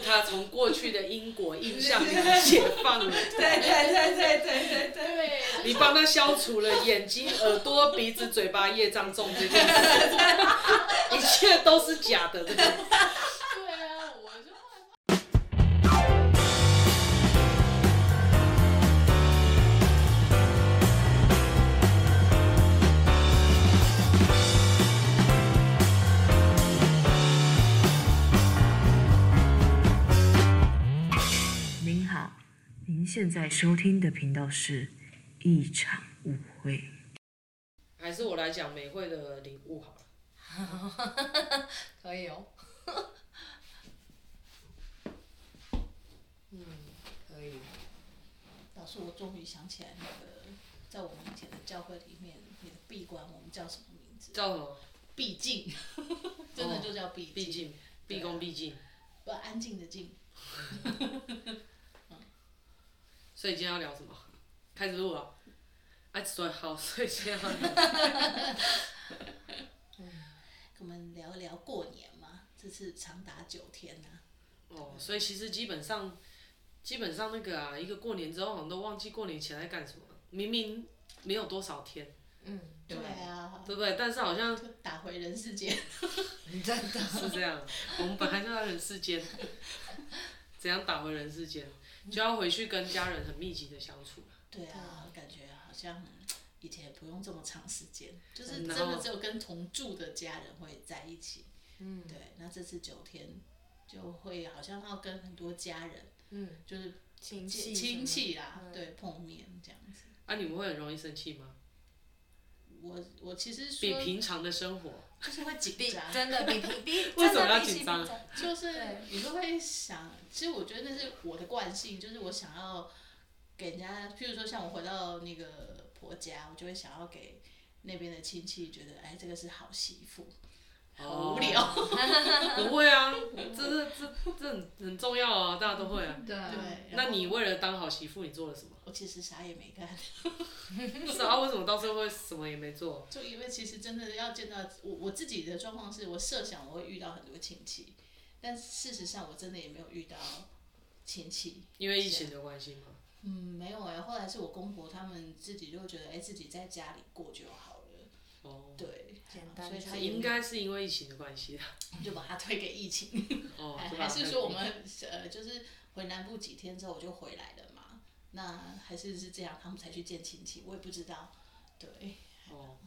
他從過去的因果印象裡面解放了，對對對對,對對對對對對你幫他消除了眼睛、耳朵、鼻子、嘴巴業障重這些，一切都是假的。 現在收聽的頻道是一場舞會，還是我來講美會的禮物好了？ 可以哦， 嗯，可以。老師，我終於想起來那個，在我們以前的教會裡面，你的閉館，我們叫什麼名字？叫什麼？畢竟 真的就叫畢畢竟畢恭畢敬。不，安靜的靜。 所以今天要聊什麼？開始錄了，哎、 嗯，所好，所以今天要，我們聊一聊過年嘛。這次長達九天呢、啊。哦，所以其實基本上，基本上那個啊，一個過年之後，好像都忘記過年前在幹什麼。明明沒有多少天。嗯。對啊。對不對？但是好像。打回人世間。 是這樣，我們本來就在人世間， 怎樣打回人世間？就要回去跟家人很密集的相處。對啊，感覺好像以前不用這麼長時間，就是真的只有跟同住的家人會在一起。嗯。對，那這次九天，就會好像要跟很多家人。嗯。就是。親戚。親戚啊，對，碰面這樣子。啊，你們會很容易生氣嗎？我我其實說比平常的生活就是會緊張，真的比平比為什 麼要緊張？就是你會想，其實我覺得那是我的慣性，就是我想要給人家，譬如說像我回到那個婆家，我就會想要給那邊的親戚覺得，哎，這個是好媳婦。好無聊、oh,， 不會啊， 這，這，這，這很重要啊，大家都會啊。 對。那你為了當好媳婦，你做了什麼？ 我其實啥也沒幹。 不知道為什麼到時候會什麼也沒做 。就因為其實真的要見到我，我自己的狀況是我設想我會遇到很多親戚，但事實上我真的也沒有遇到親戚。因為疫情的關係嗎？ 嗯，沒有哎、欸。後來是我公婆他們自己就覺得哎、欸，自己在家裡過就好了。哦、oh.。對。所以、就是、應該是因為疫情的關係啊！ 就把它推給疫情。哦。是吧？還是說我們呃，就是回南部幾天之後我就回來了嘛？那還是是這樣，他們才去見親戚，我也不知道。對。哦，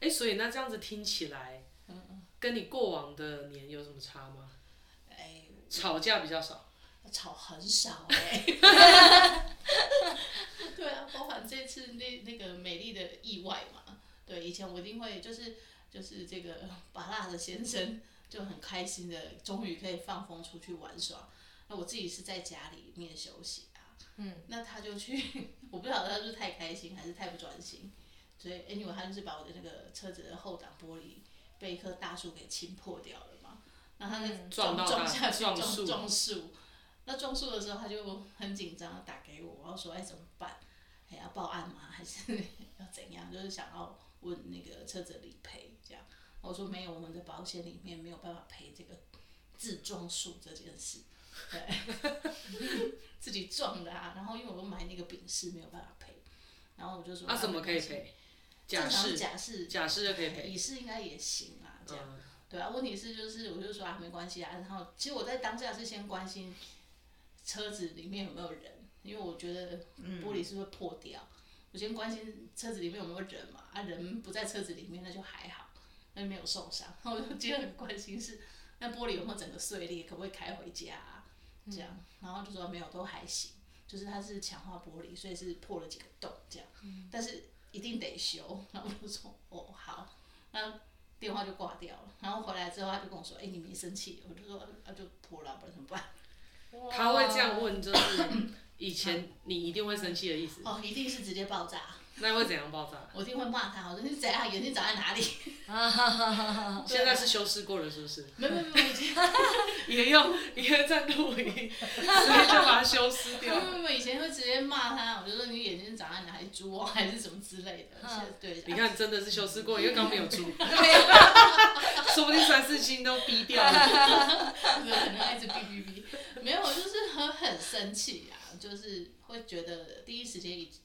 哎、欸，所以那這樣子聽起來嗯嗯，跟你過往的年有什麼差嗎？欸、吵架比較少。吵很少、欸。 對啊，包括這次那那個美麗的意外嘛。對，以前我一定會就是。就是這個芭樂的先生就很開心的，終於可以放風出去玩耍。那我自己是在家裡面休息啊。嗯。那他就去，我不曉得他是太開心還是太不專心，所以 anyway、欸、他就是把我的那個車子的後擋玻璃被一棵大樹給侵破掉了嘛。然後他那撞撞下去撞撞樹，那撞樹的時候他就很緊張，打給我，然後說哎、欸、怎麼辦？還、欸、要報案嗎？還是要怎樣？就是想要問那個車子理賠。我說沒有，我們的保險裡面沒有辦法賠這個自撞樹這件事，對， 自己撞的啊。然後因為我買那個丙式沒有辦法賠，然後我就說啊，怎麼可以賠？是甲式甲式甲式就可以賠，乙式應該也行啊。這樣、嗯、對啊，問題是就是我就說啊，沒關係啊。然後其實我在當下是先關心車子裡面有沒有人，因為我覺得玻璃是會破掉，嗯、我先關心車子裡面有沒有人嘛。啊，人不在車子裡面，那就還好。沒有受傷，然後我就覺得很關心是那玻璃有沒有整個碎裂，可不可以開回家？啊？這樣，然後就說沒有，都還行，就是它是強化玻璃，所以是破了幾個洞這樣，但是一定得修。然後我就說哦好，那電話就掛掉了。然後回來之後他就跟我說，哎、欸、你沒生氣？我就說那、啊、就破了，不然怎麼辦？他會這樣問，就是 以前你一定會生氣的意思。哦，一定是直接爆炸。那會怎樣爆炸？我一定會罵他，我說你怎樣、啊、眼睛長在哪裡？啊啊啊啊啊，現在是修飾過了，是不是？沒有沒，沒，有沒有前用以前 也用也在錄音，直接就把它修飾掉。不不不，以前會直接罵他，我就說你眼睛長在哪裡，還是豬啊，還是什麼之類的。啊、對。你看，真的是修飾過、啊，因為剛沒有豬、啊。對。 說不定三四斤都逼掉了 對。哈，有可能一直逼逼逼。沒有，我就是很很生氣啊，就是會覺得第一時間一直。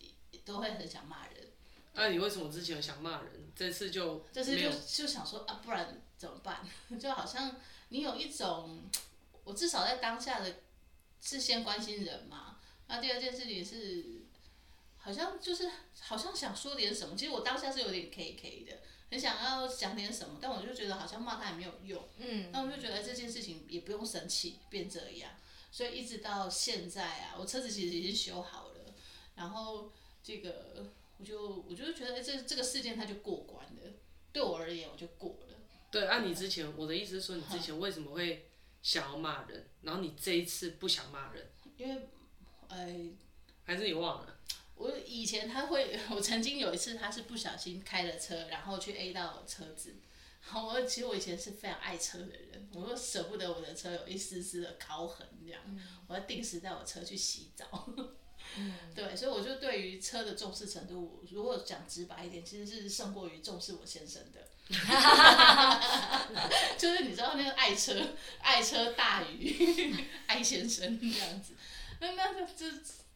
都會很想罵人。那、啊、你為什麼之前想罵人、嗯？這次就這次就就想說啊，不然怎麼辦？ 就好像你有一種，我至少在當下的，是先關心人嘛。那、啊、第二件事情是，好像就是好像想說點什麼。其實我當下是有點 K K 的，很想要講點什麼，但我就覺得好像罵他也沒有用。嗯。那我就覺得這件事情也不用生氣變這樣，所以一直到現在啊，我車子其實已經修好了，然後。這個，我就我就覺得這，這這個事件他就過關了，對我而言我就過了。對，按、啊啊、你之前，我的意思是說，你之前為什麼會想要罵人、啊，然後你這一次不想罵人？因為，哎、呃，還是你忘了？我以前他會，我曾經有一次他是不小心開了車，然後去 A 到我車子。我其實我以前是非常愛車的人，我都捨不得我的車有一絲絲的烤痕這樣，我要定時帶我車去洗澡。嗯、對，所以我就對於車的重視程度，我如果講直白一點，其實是勝過於重視我先生的。 就是你知道那個愛車，愛車大於 愛先生這樣子。那那這，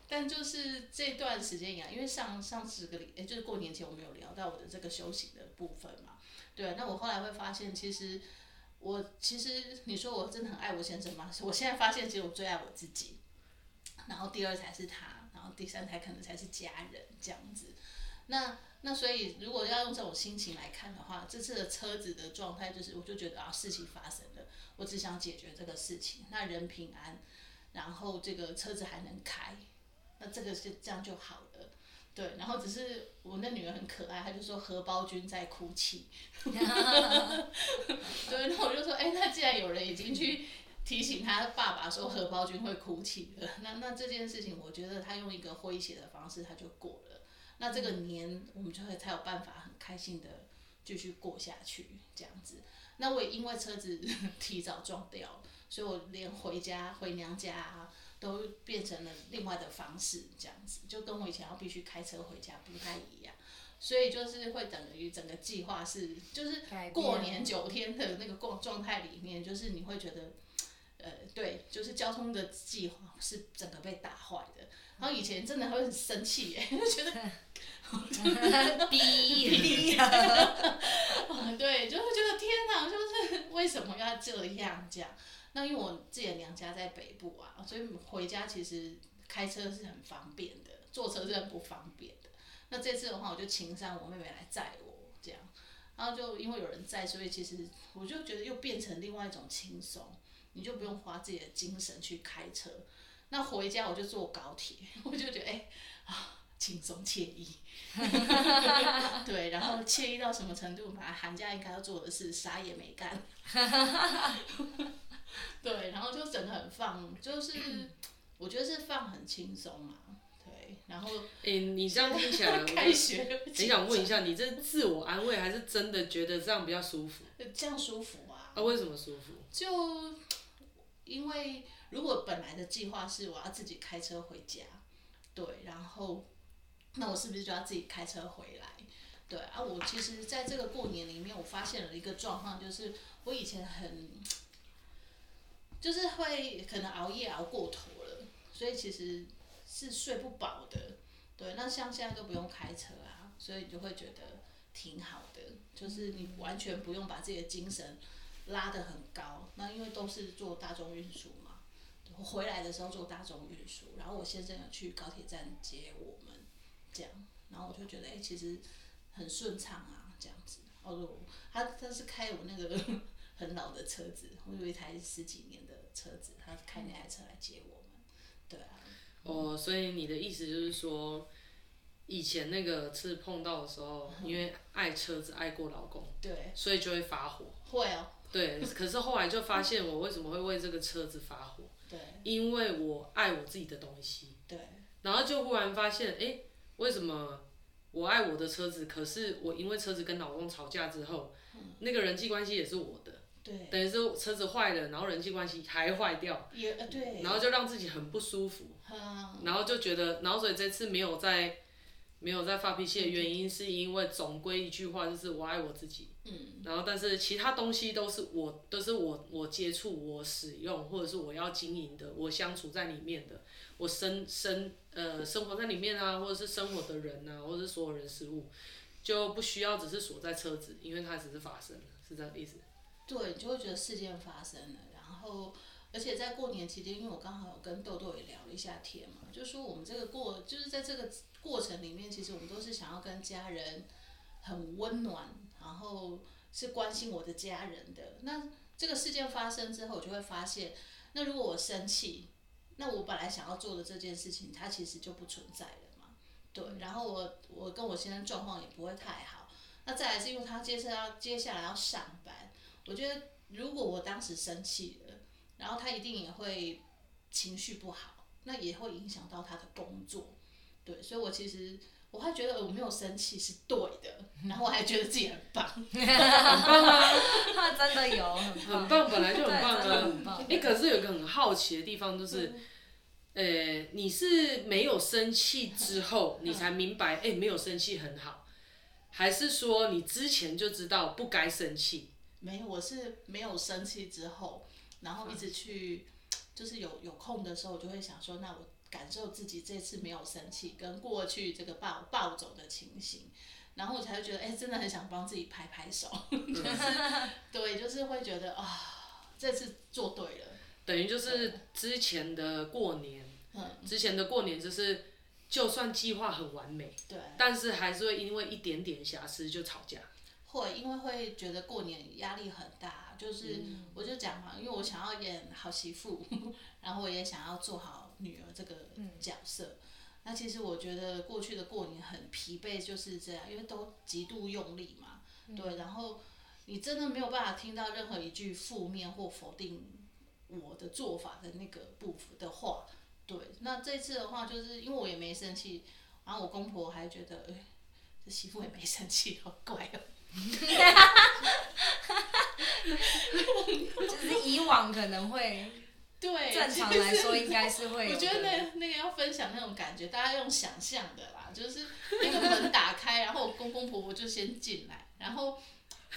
但就是這段時間一、啊、樣，因為上上十個里、欸，就是過年前我們有聊到我的這個修行的部分嘛。對，那我後來會發現，其實我其實你說我真的很愛我先生嗎？我現在發現，其實我最愛我自己。然後第二才是他。第三胎可能才是家人這樣子，那那所以如果要用這種心情來看的話，這次的車子的狀態就是，我就覺得啊事情發生了，我只想解決這個事情，那人平安，然後這個車子還能開，那這個是這樣就好了，對，然後只是我那女兒很可愛，她就說荷包君在哭泣， 對，那我就說哎、欸，那既然有人已經去。提醒他爸爸說：“荷包君會哭泣的。”那那這件事情，我覺得他用一個詼諧的方式，他就過了。那這個年，我們就會才有辦法很開心的繼續過下去，這樣子。那我也因為車子提早撞掉，所以我連回家回娘家啊，都變成了另外的方式，這樣子就跟我以前要必須開車回家不太一樣。所以就是會等於整個計劃是，就是過年九天的那個過狀態裡面，就是你會覺得。呃，對，就是交通的計劃是整個被打壞的。嗯、然後以前真的會很生氣耶，就覺得逼逼啊，對，就會覺得天哪，就是為什麼要這樣這樣。那因為我自己的娘家在北部啊，所以回家其實開車是很方便的，坐車是很不方便的。那這次的話，我就情商我妹妹來載我，這樣，然後就因為有人在，所以其實我就覺得又變成另外一種輕鬆。你就不用花自己的精神去開車，那回家我就坐高鐵，我就覺得哎、欸、啊輕鬆愜意， 對，然後愜意到什麼程度？本來寒假應該要做的事啥也沒幹， 對，然後就整個很放，就是我覺得是放很輕鬆嘛，對，然後誒、欸，你這樣聽起來， 開學我很想問一下， 你這自我安慰還是真的覺得這樣比較舒服？這樣舒服啊？啊，為什麼舒服？就。因為如果本來的計劃是我要自己開車回家，對，然後那我是不是就要自己開車回來？對啊，我其實在這個過年裡面，我發現了一個狀況，就是我以前很，就是會可能熬夜熬過頭了，所以其實是睡不飽的。對，那像現在都不用開車啊，所以就會覺得挺好的，就是你完全不用把自己的精神。拉得很高，那因為都是坐大眾運輸嘛。我回來的時候坐大眾運輸，然後我先生有去高鐵站接我們，這樣，然後我就覺得誒、欸，其實很順暢啊，這樣子。哦，他他是開我那個很老的車子，我有一台十幾年的車子，他開那台車來接我們，嗯、對啊。哦、嗯，oh, 所以你的意思就是說，以前那個車碰到的時候，因為愛車子愛過老公、嗯，對，所以就會發火。會哦。對，可是後來就發現我為什麼會為這個車子發火？對，因為我愛我自己的東西。對，然後就忽然發現，哎，為什麼我愛我的車子？可是我因為車子跟老公吵架之後，嗯、那個人際關係也是我的。對，等於說車子壞了，然後人際關係還壞掉，也對，然後就讓自己很不舒服。嗯、然後就覺得，然後所以這次沒有再，沒有再發脾氣的原因，是因為總歸一句話，就是我愛我自己。嗯，然後但是其他東西都是我，都是我，我接觸我使用，或者是我要經營的，我相處在裡面的，我生生呃生活在裡面啊，或者是生活的人吶、啊，或者是所有人事物，就不需要只是鎖在車子，因為它只是發生了，是這個意思。對，就會覺得事件發生了，然後而且在過年期間，因為我剛好跟豆豆也聊了一下天嘛，就說我們這個過就是在這個過程裡面，其實我們都是想要跟家人很溫暖。然後是關心我的家人的。那這個事件發生之後，我就會發現，那如果我生氣，那我本來想要做的這件事情，它其實就不存在了嘛。對，然後我我跟我先生狀況也不會太好。那再來是因為他接下來要接下來要上班，我覺得如果我當時生氣了，然後他一定也會情緒不好，那也會影響到他的工作。對，所以我其實。我還覺得我沒有生氣是對的，然後我還覺得自己很棒， 很棒啊、 他很棒，真的有很棒，本來就很棒啊。哎、欸，可是有個很好奇的地方，就是對對對、欸，你是沒有生氣之後， 你才明白，哎、欸，沒有生氣很好，還是說你之前就知道不該生氣？沒有，我是沒有生氣之後，然後一直去， 就是有有空的時候，我就會想說，那我。感受自己這次沒有生氣，跟過去這個暴暴走的情形，然後我才會覺得，哎、欸，真的很想幫自己拍拍手、嗯 就是。對，就是會覺得啊、哦，這次做對了。等於就是之前的過年，嗯、之前的過年就是，嗯、就算計劃很完美，對，但是還是會因為一點點瑕疵就吵架。會，因為會覺得過年壓力很大，就是、嗯、我就講嘛，因為我想要演好媳婦，然後我也想要做好。女兒這個角色、嗯，那其實我覺得過去的過年很疲憊，就是這樣，因為都極度用力嘛、嗯。對，然後你真的沒有辦法聽到任何一句負面或否定我的做法的那個部分的話。對，那這次的話，就是因為我也沒生氣，然後我公婆還覺得，欸、這媳婦也沒生氣，好、嗯、怪哦。哦 就是以往可能會。對，正常來說應該是會有的。我覺得那那個要分享那種感覺，大家用想象的啦，就是那個門打開， 然後公公婆婆，婆就先進來，然後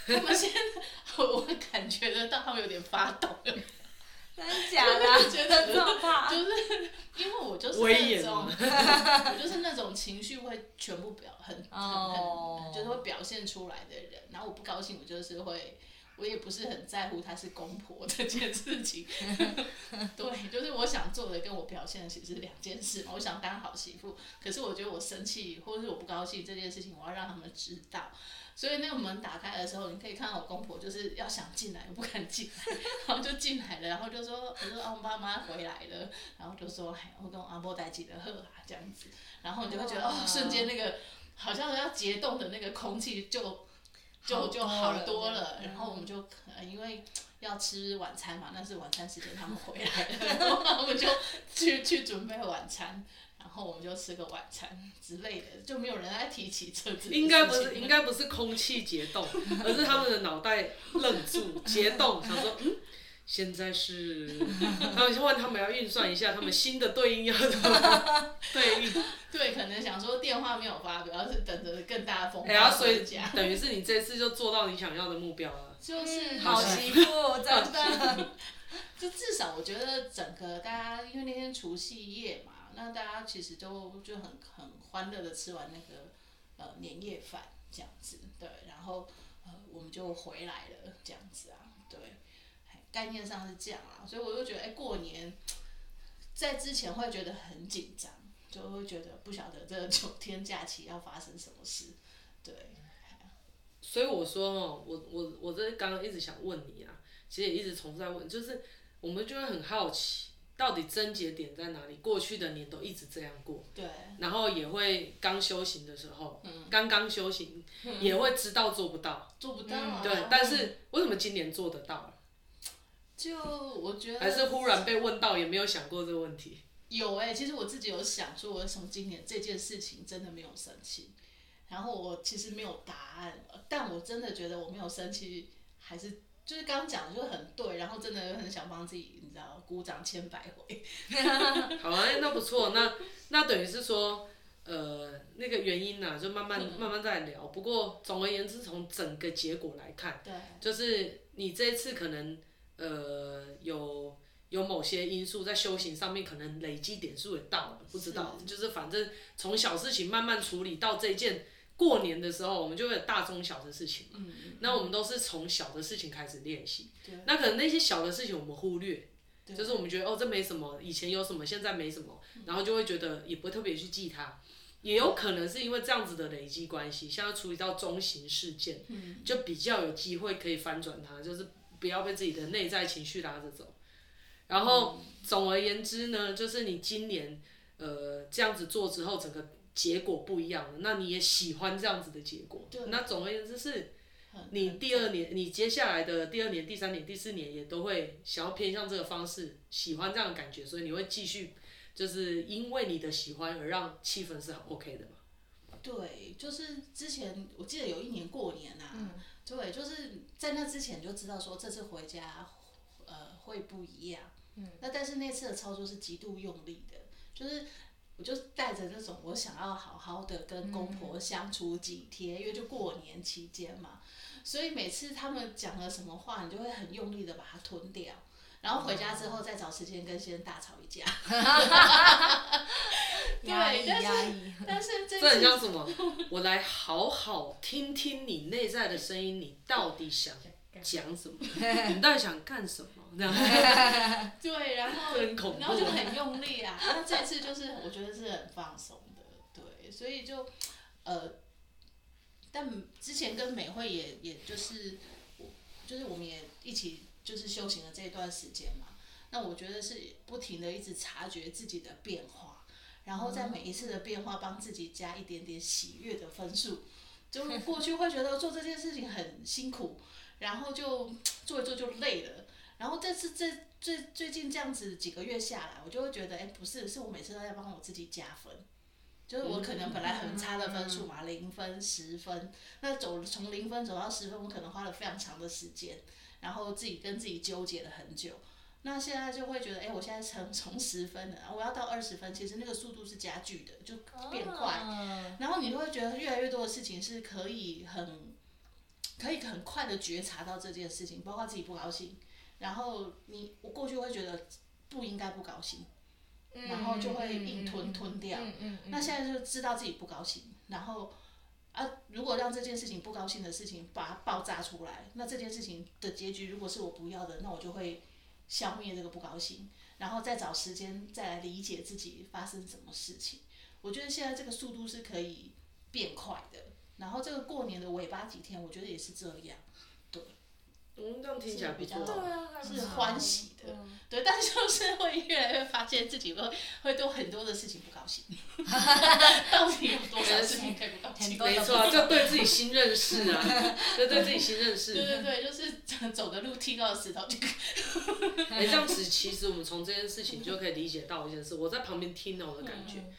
他們先， 我感覺得到他們有點發抖。真假的？ 覺得、就是、真好怕。就是因為我就是那種， 我就是那種情緒會全部表很很、oh. 很，就是會表現出來的人。然後我不高興，我就是會。我也不是很在乎她是公婆這件事情， 對，就是我想做的跟我表現的其實是兩件事。我想當好媳婦，可是我覺得我生氣或者是我不高興這件事情，我要讓他們知道。所以那個門打開的時候，你可以看到我公婆就是要想進來不敢進來， 然後就進來了，然後就說：“我說哦，我爸媽回來了。”然後就說：“哎，我跟我阿婆在一起的呵，這樣子。”然後你就會覺得哦，哦，哦，瞬間那個好像要結凍的那個空氣就。就就好多了，然後我們就，因為要吃晚餐嘛，那是晚餐時間他們回來了， 然後我們就去去準備晚餐，然後我們就吃個晚餐之類的，就沒有人來提起車子。應該不是，應該不是空氣結凍， 而是他們的腦袋愣住結凍， 想說。嗯。現在是，他 們問他們要運算一下，他們新的對應要怎麼對應？ 對，可能想說電話沒有發表，主要是等着更大的風。然、欸啊、所以等於是你這次就做到你想要的目標了。就是、嗯、好辛苦，真的 就至少我覺得整個大家，因為那天除夕夜嘛，那大家其實都就很很歡樂的吃完那個呃年夜飯這樣子，對，然後呃我們就回來了這樣子啊。概念上是這樣啊，所以我就覺得，哎、欸，過年在之前會覺得很緊張，就會覺得不曉得這九天假期要發生什麼事。對。所以我說，哦，我我我這剛剛一直想問你啊，其實也一直重複在問，就是我們就會很好奇，到底症結點在哪裡？過去的年都一直這樣過。對。然後也會剛修行的時候，嗯，剛剛修行、嗯、也會知道做不到，做不到。對，嗯、但是為什麼今年做得到了？就我覺得還是忽然被問到，也沒有想過這個問題。有哎、欸，其實我自己有想說，我從今年這件事情真的沒有生氣？然後我其實沒有答案，但我真的覺得我沒有生氣，還是就是剛講的就很對。然後真的很想幫自己，你知道嗎？鼓掌千百回。 好啊，那不錯，那那等於是說，呃，那個原因呢、啊，就慢慢、嗯、慢慢再聊。不過總而言之，從整個結果來看，對，就是你這一次可能。呃，有有某些因素在修行上面，可能累積點數也到了，不知道。就是反正從小事情慢慢處理到這件過年的時候，我們就會有大、中、小的事情。嘛、嗯。那我們都是從小的事情開始練習。對。那可能那些小的事情我們忽略，就是我們覺得哦，這沒什麼，以前有什麼，現在沒什麼，然後就會覺得也不特別去記它、嗯。也有可能是因為這樣子的累積關係，像要處理到中型事件，嗯、就比較有機會可以翻轉它，就是。不要被自己的內在情緒拉着走，然後總而言之呢，嗯、就是你今年呃這樣子做之後，整個結果不一樣了，那你也喜歡這樣子的結果，對。那總而言之是，你第二年你接下來的第二年、第三年、第四年也都會想要偏向這個方式，喜歡這樣的感覺，所以你會繼續，就是因為你的喜歡而讓氣氛是很 OK 的嘛。對，就是之前我記得有一年過年吶、啊。嗯對，就是在那之前你就知道說，這次回家，呃，會不一樣。嗯。那但是那次的操作是極度用力的，就是我就帶着那種我想要好好的跟公婆相處幾天，嗯。因為就過年期間嘛，所以每次他們講了什麼話，你就會很用力的把它吞掉。然後回家之後再找時間跟先生大吵一架， 對，抑 壓但，是 但，是 但是這次，這很像什麼？ 我來好好聽聽你內在的聲音，你到底想講什麼？ 你到底想幹什麼？ 對，然後 很恐然後就很用力啊。那這次就是我覺得是很放鬆的，對，所以就呃，但之前跟美會也也就是就是我們也一起。就是修行的這一段時間嘛，那我覺得是不停的一直察覺自己的變化，然後在每一次的變化幫自己加一點點喜悅的分數。就你過去會覺得做這件事情很辛苦， 然後就做一做就累了。然後這次最最最近這樣子幾個月下來，我就會覺得，哎，不是，是我每次都在幫我自己加分，就是我可能本來很差的分數嘛，零 分、十分，那走從零分走到十分，我可能花了非常長的時間。然後自己跟自己糾結了很久，那現在就會覺得，哎，我現在成從十分了，我要到二十分，其實那個速度是加劇的，就變快。哦、然後你就會覺得越來越多的事情是可以很，可以很快的覺察到這件事情，包括自己不高興，然後你，我過去會覺得不應該不高興，然後就會硬吞吞掉。嗯嗯嗯嗯、那現在就知道自己不高興，然後。啊，如果讓這件事情不高興的事情把它爆炸出來，那這件事情的結局如果是我不要的，那我就會消滅這個不高興，然後再找時間再來理解自己發生什麼事情。我覺得現在這個速度是可以變快的，然後這個過年的尾巴幾天，我覺得也是這樣。我、嗯、們這樣聽起來比較是，比較對，啊、是歡喜的、嗯，對，但就是會越來越發現自己會會對很多的事情不高興，哈哈哈。到底有多少事情可以不高興？沒錯，啊，就對自己新認識啊，就對自己新認識。 對對對，就是走的路踢到石頭就。哎、 欸，這樣子其實我們從這件事情就可以理解到一件事。嗯、我在旁邊聽到的感覺、嗯，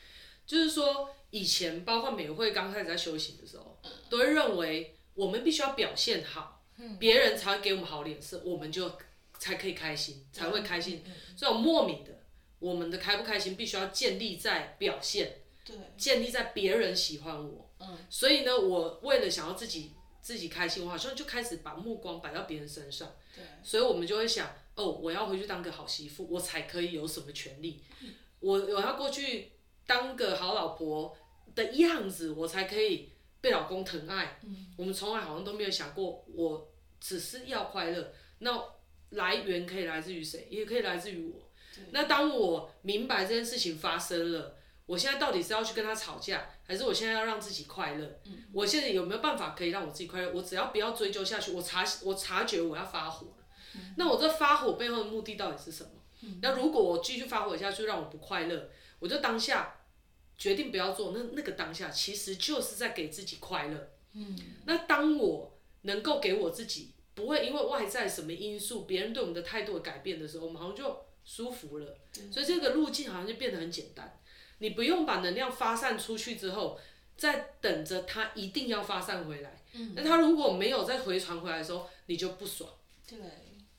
就是說以前包括美會剛開始在修行的時候、嗯，都會認為我們必須要表現好。別人才會給我們好臉色，我們就才可以開心，才會開心。所以我莫名的，我們的開不開心必須要建立在表現，對，建立在別人喜歡我。嗯，所以呢，我為了想要自己自己開心，我好像就開始把目光擺到別人身上。對，所以我們就會想，哦，我要回去當個好媳婦，我才可以有什麼權利？我我要過去當個好老婆的樣子，我才可以。被老公疼愛，嗯、我們從來好像都沒有想過，我只是要快樂，那來源可以來自於誰，也可以來自於我。那當我明白這件事情發生了，我現在到底是要去跟他吵架，還是我現在要讓自己快樂、嗯？我現在有沒有辦法可以讓我自己快樂？我只要不要追究下去，我察我察覺我要發火、嗯、那我這發火背後的目的到底是什麼？嗯、那如果我繼續發火下去，讓我不快樂，我就當下。決定不要做，那那個當下其實就是在給自己快樂。嗯，那當我能夠給我自己，不會因為外在什麼因素、別人對我們的態度改變的時候，我們好像就舒服了。嗯，所以這個路徑好像就變得很簡單，你不用把能量發散出去之後，再等着它一定要發散回來。嗯，那它如果沒有再回傳回來的時候，你就不爽。對。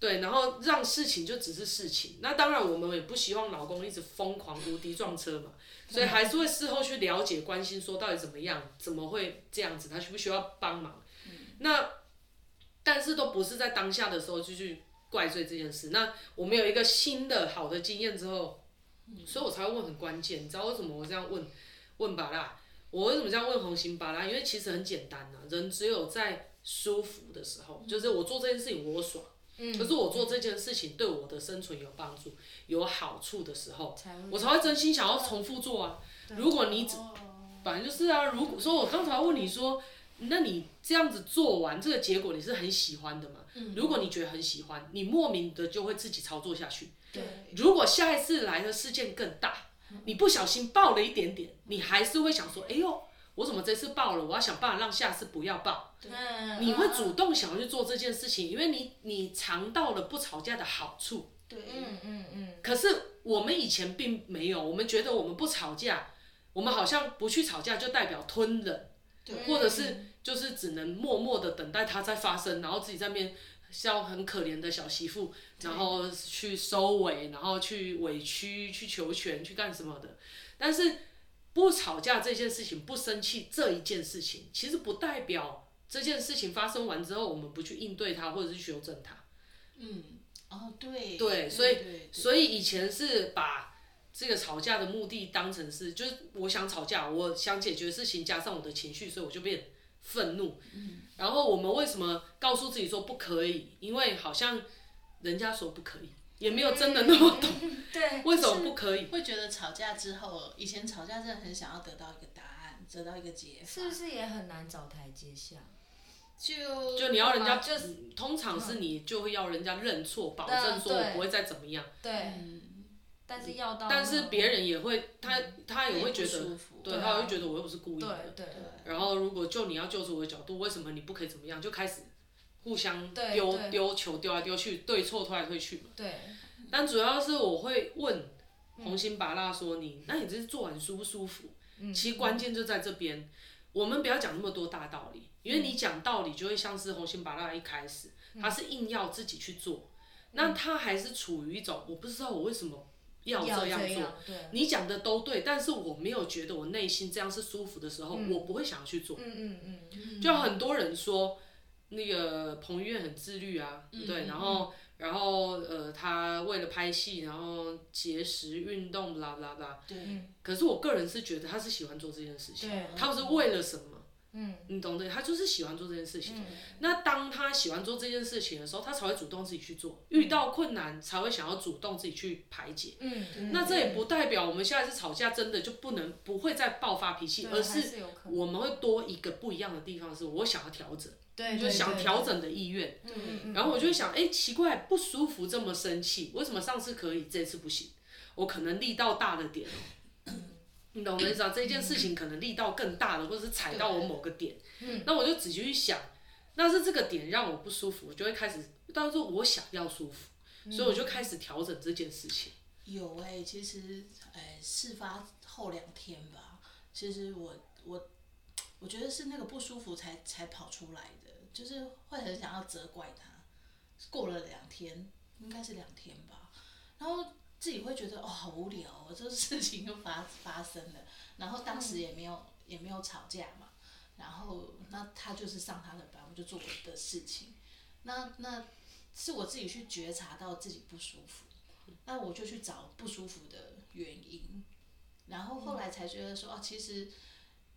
對，然後讓事情就只是事情。那當然，我們也不希望老公一直瘋狂無敵撞車嘛，所以還是會事後去了解、關心，說到底怎麼樣，怎麼會這樣子，他需不需要幫忙、嗯？那，但是都不是在當下的時候就去怪罪這件事。那我們有一個新的好的經驗之後，所以我才會問很關鍵，你知道為什麼我這樣問？問芭樂？我為什麼這樣問紅心芭樂？因為其實很簡單啊，人只有在舒服的時候，就是我做這件事情我爽。可是我做這件事情對我的生存有幫助、有好處的時候，我才會真心想要重複做啊。如果你只，本來就是啊。如果說我剛才問你說，那你這樣子做完這個結果你是很喜歡的嘛、嗯？如果你覺得很喜歡，你莫名的就會自己操作下去。對。如果下一次來的事件更大，你不小心爆了一點點，你還是會想說，哎呦。我怎麼這次爆了？我要想辦法讓下次不要爆。對，你會主動想要去做這件事情，嗯、因為你你嘗到了不吵架的好處。對，嗯嗯嗯。可是我們以前並沒有，我們覺得我們不吵架，我們好像不去吵架就代表吞了，對，或者是就是只能默默的等待它再發生，然後自己在那邊像很可憐的小媳婦，然後去收尾，然後去委屈、去求全、去幹什麼的，但是。不吵架這件事情，不生氣這一件事情，其實不代表這件事情發生完之後，我們不去應對它，或者是修正它。嗯，哦，對，對，所以對對對對，所以以前是把這個吵架的目的當成是，就是我想吵架，我想解決事情，加上我的情緒，所以我就變憤怒。嗯。然後我們為什麼告訴自己說不可以？因為好像人家說不可以。也沒有真的那麼懂， 對，為什麼不可以？會覺得吵架之後，以前吵架真的很想要得到一個答案，得到一個解法，是不是也很難找台階下？就就你要人家，嗯、就是、嗯、通常是你就會要人家認錯、嗯，保證說我不會再怎麼樣。對，嗯、但是要到、那個，但是別人也會，他他也會覺得，嗯、也對，他會覺得我又不是故意的，對對，對對。然後如果就你要救出我的角度，為什麼你不可以怎麼樣？就開始。互相丟丟球，丟來丟去，對錯推來推去，對。但主要是我會問紅心芭辣說你：“你、嗯，那你這是做完舒不舒服？”嗯、其實關鍵就在這邊、嗯，我們不要講那麼多大道理，嗯、因為你講道理就會像是紅心芭辣。一開始、嗯，他是硬要自己去做，嗯、那他還是處於一種我不知道我為什麼要這樣做。要要對。你講的都對，但是我沒有覺得我內心這樣是舒服的時候，嗯、我不會想要去做。嗯嗯嗯，嗯。就很多人說。那個彭於晏很自律啊，嗯、對，然後、嗯，然後，呃，他為了拍戲，然後節食、運動，啦啦啦。可是我個人是覺得他是喜歡做這件事情，他不是為了什麼？嗯、你懂的，他就是喜歡做這件事情、嗯。那當他喜歡做這件事情的時候，他才會主動自己去做。嗯、遇到困難才會想要主動自己去排解。嗯、那這也不代表我們下一次吵架真的就不能不會再爆發脾氣，而是我們會多一個不一樣的地方，是我想要調整。對對對對就想調整的意願，對對對對然後我就想，哎、欸，奇怪，不舒服這麼生氣，為什麼上次可以，這次不行？我可能力道大的點 你懂我的意思啊？這件事情可能力道更大的，或者是踩到我某個點，那我就仔細去想，那是這個點讓我不舒服，我就會開始當做我想要舒服、嗯，所以我就開始調整這件事情。有哎、欸，其實哎、呃，事發後兩天吧，其實我我我覺得是那個不舒服才才跑出來的。就是會很想要責怪他，過了兩天，應該是兩天吧，然後自己會覺得哦好無聊，哦，這事情又發發生了，然後當時也沒有，嗯、也沒有吵架嘛，然後那他就是上他的班，我就做我的事情，那那是我自己去覺察到自己不舒服，那我就去找不舒服的原因，然後後來才覺得說哦，嗯啊，其實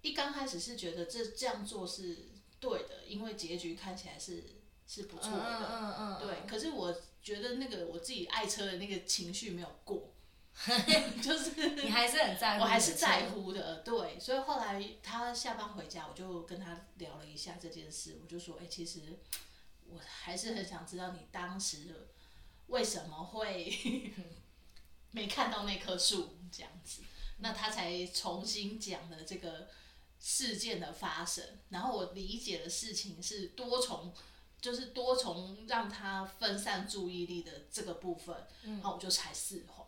一剛開始是覺得這這樣做是。對的，因為結局看起來是是不錯的，嗯嗯嗯，對。可是我覺得那個我自己愛車的那個情緒沒有過，呵呵，就是你還是很在乎，我還是在乎的，對，對。所以後來他下班回家，我就跟他聊了一下這件事，我就說，哎、欸，其實我還是很想知道你當時為什麼會 沒看到那棵樹這樣子。那他才重新講了這個。事件的發生，然後我理解的事情是多重，就是多重讓他分散注意力的這個部分，嗯、然後我就才釋懷、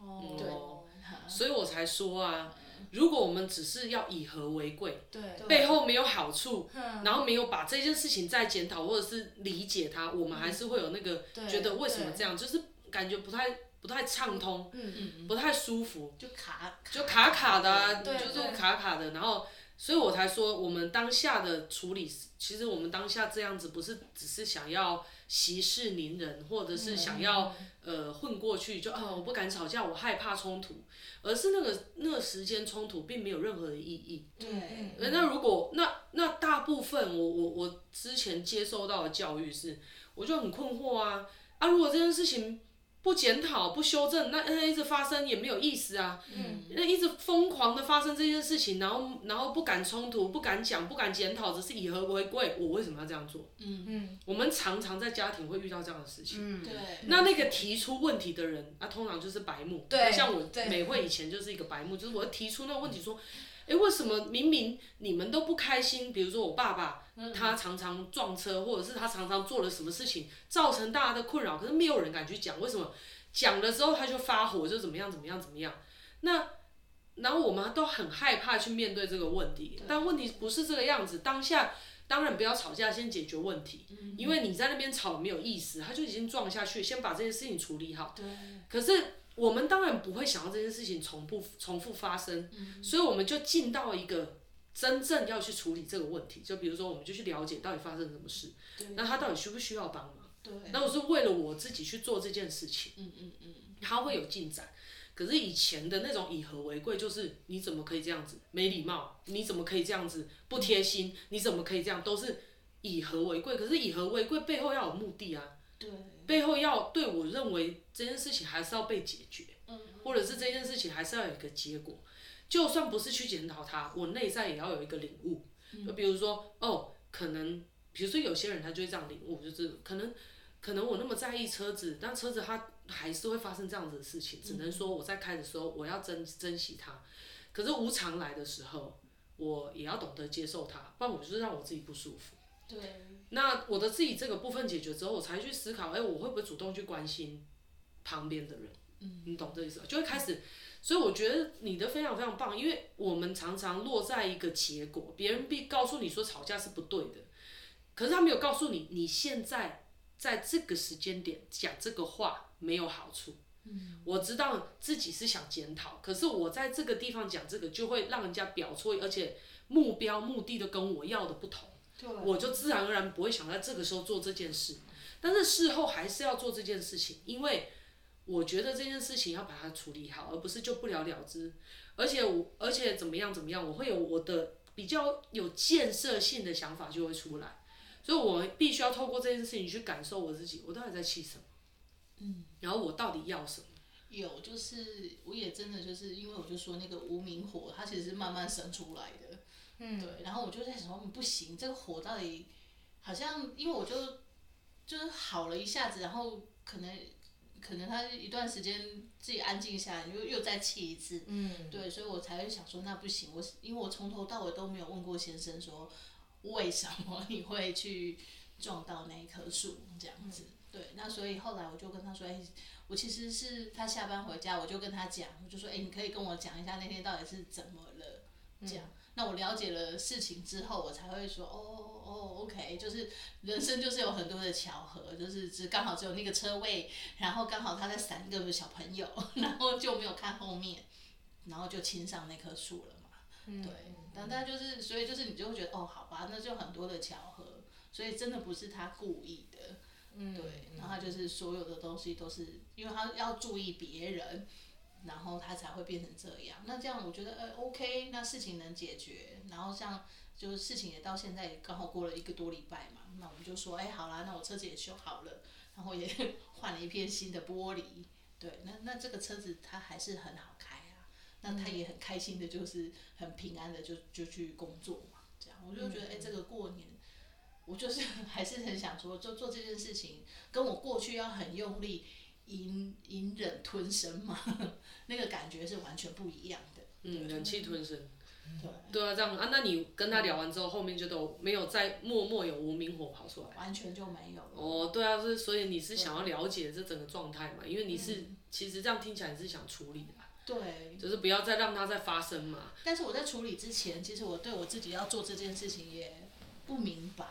嗯。哦，對，所以我才說啊、嗯，如果我們只是要以和為貴，對，背後沒有好處，然後沒有把這件事情再檢討或者是理解它、嗯，我們還是會有那個覺得為什麼這樣，就是感覺不太。不太暢通，嗯嗯，不太舒服，就卡，卡就卡卡的、啊對對，對，就這種、是、卡卡的。然後，所以我才說，我們當下的處理，其實我們當下這樣子，不是只是想要息事寧人，或者是想要、嗯、呃混過去，就啊、哦，我不敢吵架，我害怕衝突，而是那個那個時間衝突並沒有任何的意義。對。對嗯嗯、那如果那那大部分我我我之前接受到的教育是，我就很困惑啊啊！如果這件事情。不檢討不修正，那那一直發生也沒有意思啊。嗯。那一直瘋狂的發生這件事情，然後然後不敢衝突，不敢講，不敢檢討，只是以和為貴。我為什麼要這樣做？嗯嗯。我們常常在家庭會遇到這樣的事情。嗯，那那個提出問題的人，那、嗯啊、通常就是白目對。像我美會以前就是一個白目，就是我提出那個問題說，哎、嗯欸，為什麼明明你們都不開心？比如說我爸爸。嗯嗯，他常常撞車，或者是他常常做了什麼事情，造成大家的困擾，可是沒有人敢去講。為什麼講了之後他就發火，就怎麼樣怎麼樣怎麼樣，那然後我們都很害怕去面對這個問題。但問題不是這個樣子，當下當然不要吵架，先解決問題。嗯嗯，因為你在那邊吵沒有意思，他就已經撞下去，先把這件事情處理好。對。可是我們當然不會想要這件事情重複重複發生嗯嗯，所以我們就進到一個。真正要去處理這個問題，就比如說，我們就去了解到底發生什麼事。那他到底需不需要幫忙？那我是為了我自己去做這件事情。嗯嗯嗯。他會有進展，嗯，可是以前的那種以和為貴，就是你怎麼可以這樣子沒禮貌？你怎麼可以這樣子不貼心？你怎麼可以這樣？都是以和為貴，可是以和為貴背後要有目的啊。對。背後要對，我認為這件事情還是要被解決，嗯，或者是這件事情還是要有一個結果。就算不是去檢討他，我內在也要有一個領悟，嗯。就比如說，哦，可能，比如說有些人他就會這樣領悟，就是可能，可能我那麽在意車子，但車子它還是會發生這樣子的事情，只能說我在開的時候我要珍珍惜它。可是無常來的時候，我也要懂得接受它，不然我就是讓我自己不舒服。對。那我的自己這個部分解決之後，我才去思考，哎，欸，我會不會主動去關心旁邊的人？嗯，你懂這意思？就會開始。所以我覺得你的非常非常棒，因為我們常常落在一個結果，別人必告訴你說吵架是不對的，可是他沒有告訴你，你現在在這個時間點講這個話沒有好處。嗯，我知道自己是想檢討，可是我在這個地方講這個就會讓人家表錯，而且目標目的都跟我要的不同，對，我就自然而然不會想在這個時候做這件事，但是事後還是要做這件事情，因為。我覺得這件事情要把它處理好，而不是就不了了之。而且我，而且怎麼樣怎麼樣，我會有我的比較有建設性的想法就會出來。所以，我必須要透過這件事情去感受我自己，我到底在氣什麼？嗯。然後我到底要什麼？有，就是我也真的就是因為我就說那個無名火，它其實是慢慢生出來的。嗯。對，然後我就在想說，不行，這個火到底好像，因為我就就是好了一下子，然後可能。可能他一段時間自己安靜下來，又又再氣一次，嗯，對，所以我才會想說，那不行，我因為我從頭到尾都沒有問過先生說，為什麼你會去撞到那棵樹這樣子，嗯，對，那所以後來我就跟他說，哎，欸，我其實是他下班回家，我就跟他講，我就說，哎，欸，你可以跟我講一下那天到底是怎麼了，這樣，嗯，那我了解了事情之後，我才會說哦。哦、oh，OK，就是人生就是有很多的巧合。 就是只剛好只有那個車位，然後剛好他在閃一個小朋友，然後就沒有看後面，然後就親上那棵樹了嘛。嗯、對，但那就是所以就是你就會覺得哦，好吧，那就很多的巧合，所以真的不是他故意的。嗯、對，然後就是所有的東西都是因為他要注意別人，然後他才會變成這樣。那這樣我覺得，呃，OK，那事情能解決，然後像。就是事情也到現在也剛好過了一個多禮拜嘛，那我們就說，哎、欸，好啦，那我車子也修好了，然後也換 了一片新的玻璃，對，那那這個車子它還是很好開啊，那他也很開心的，就是很平安的就就去工作嘛，這樣我就覺得，哎、欸，這個過年，我就是還是很想說，就做這件事情，跟我過去要很用力隱隱忍吞聲嘛，那個感覺是完全不一樣的，嗯，忍氣吞聲。對，對啊，這樣啊，那你跟他聊完之後、嗯，後面就都沒有再默默有無名火跑出來？完全就沒有。哦，對啊，是所以你是想要了解這整個狀態嘛？因為你是、嗯、其實這樣聽起來是想處理的嘛？對，就是不要再讓它再發生嘛。但是我在處理之前，其實我對我自己要做這件事情也不明白，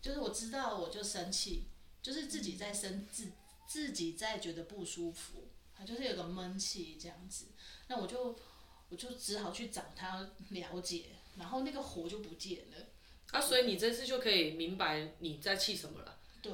就是我知道我就生氣，就是自己在生自自己在覺得不舒服，就是有個悶氣這樣子，那我就。我就只好去找他了解，然後那個火就不見了。啊，所以你這次就可以明白你在氣什麼了。對。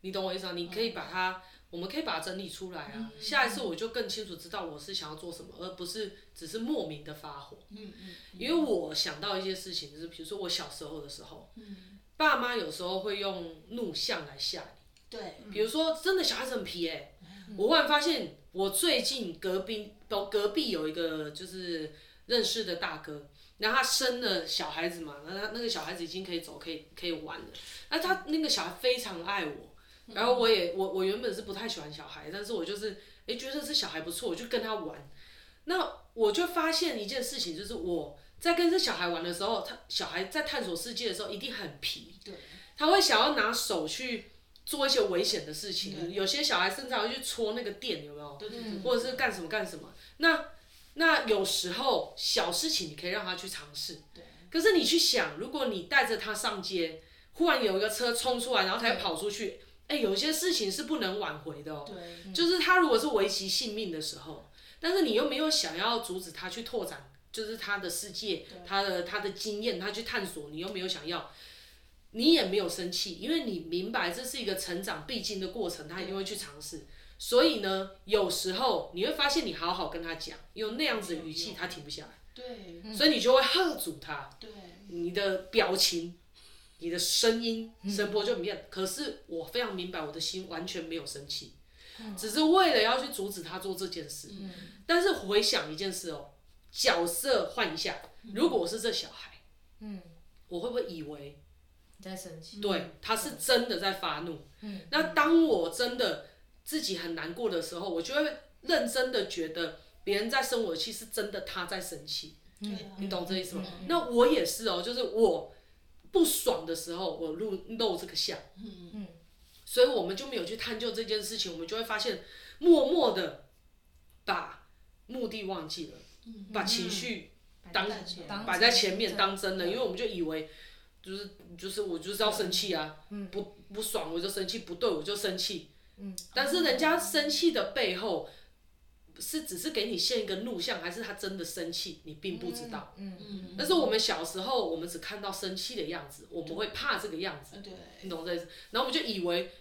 你懂我意思啊？你可以把它，嗯，我們可以把它整理出來啊、嗯。下一次我就更清楚知道我是想要做什麼，嗯，而不是只是莫名的發火。嗯嗯，嗯。因為我想到一些事情，就是比如說我小時候的時候，嗯、爸媽有時候會用怒相來嚇你。對。比如說、嗯、真的小孩子很皮誒、欸嗯，我忽然發現。我最近隔壁，都隔壁有一個就是認識的大哥，然後他生了小孩子嘛，然後他那個小孩子已經可以走，可以可以玩了，那他那個小孩非常愛我，然後我也我我原本是不太喜歡小孩，但是我就是誒覺得這小孩不錯，我就跟他玩，那我就發現一件事情，就是我在跟這小孩玩的時候，他小孩在探索世界的時候一定很皮，對，他會想要拿手去。做一些危險的事情，對對對，有些小孩甚至還會去戳那個電，有沒有對對對？或者是幹什麼幹什麼？那那有時候小事情你可以讓他去嘗試，可是你去想，如果你帶着他上街，忽然有一個車衝出來，然後他又跑出去，哎，有些事情是不能挽回的哦。哦。就是他如果是危及性命的時候，但是你又沒有想要阻止他去拓展，就是他的世界，他的他的經驗，他去探索，你又沒有想要。你也沒有生氣，因為你明白這是一個成長必經的過程，他一定會去嘗試、嗯。所以呢，有時候你會發現，你好好跟他講，用那樣子的語氣，他停不下來。對、嗯。所以你就會喝阻他。對。你的表情，你的聲音，聲波就很變、嗯。可是我非常明白，我的心完全沒有生氣、嗯，只是為了要去阻止他做這件事。嗯、但是回想一件事哦、喔，角色換一下、嗯，如果我是這小孩，嗯，我會不會以為？在生氣，對、嗯，他是真的在發怒、嗯。那當我真的自己很難過的時候，嗯、我就會認真的覺得別人在生我氣，是真的他在生氣、嗯。你懂這意思嗎？嗯、那我也是哦、喔，就是我不爽的時候，我露露這個相、嗯。所以我們就沒有去探究這件事情，我們就會發現，默默的把目的忘記了，嗯、把情緒當擺在，在前面當真了，因為我們就以為。就是就是我就是要生氣啊，嗯、不不爽我就生氣，不對我就生氣。嗯，但是人家生氣的背後，是只是給你現一個錄像，還是他真的生氣，你並不知道。嗯嗯，但是我們小時候，我們只看到生氣的樣子、嗯，我們會怕這個樣子。對。你懂這意思？然後我們就以為，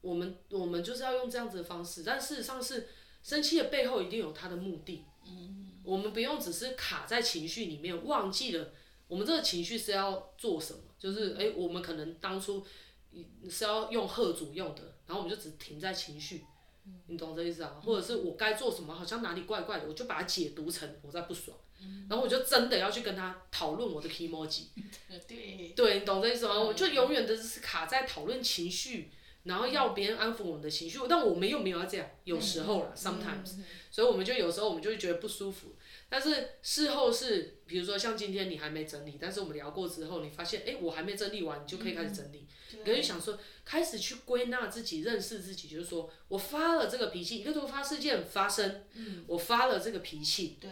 我們我們就是要用這樣子的方式，但事實上是，生氣的背後一定有他的目的。嗯。我們不用只是卡在情緒裡面，忘記了。我們這個情緒是要做什麼？就是哎、欸，我們可能當初你是要用賀主用的，然後我們就只停在情緒、嗯，你懂這意思啊？嗯、或者是我該做什麼？好像哪裡怪怪的，我就把它解讀成我在不爽、嗯，然後我就真的要去跟他討論我的 kimoji 呃，對。對，你懂這意思嗎、啊嗯？我就永遠的是卡在討論情緒，然後要別人安撫我們的情緒，但我們又沒有要這樣，有時候啦、嗯、sometimes、嗯。所以我們就有時候我們就會覺得不舒服。但是事後是，比如說像今天你還沒整理，但是我們聊過之後，你發現，誒、欸，我還沒整理完，你就可以開始整理。嗯、對。你可以想說，開始去歸納自己、認識自己，就是說我發了這個脾氣，一個突發事件發生、嗯，我發了這個脾氣，對，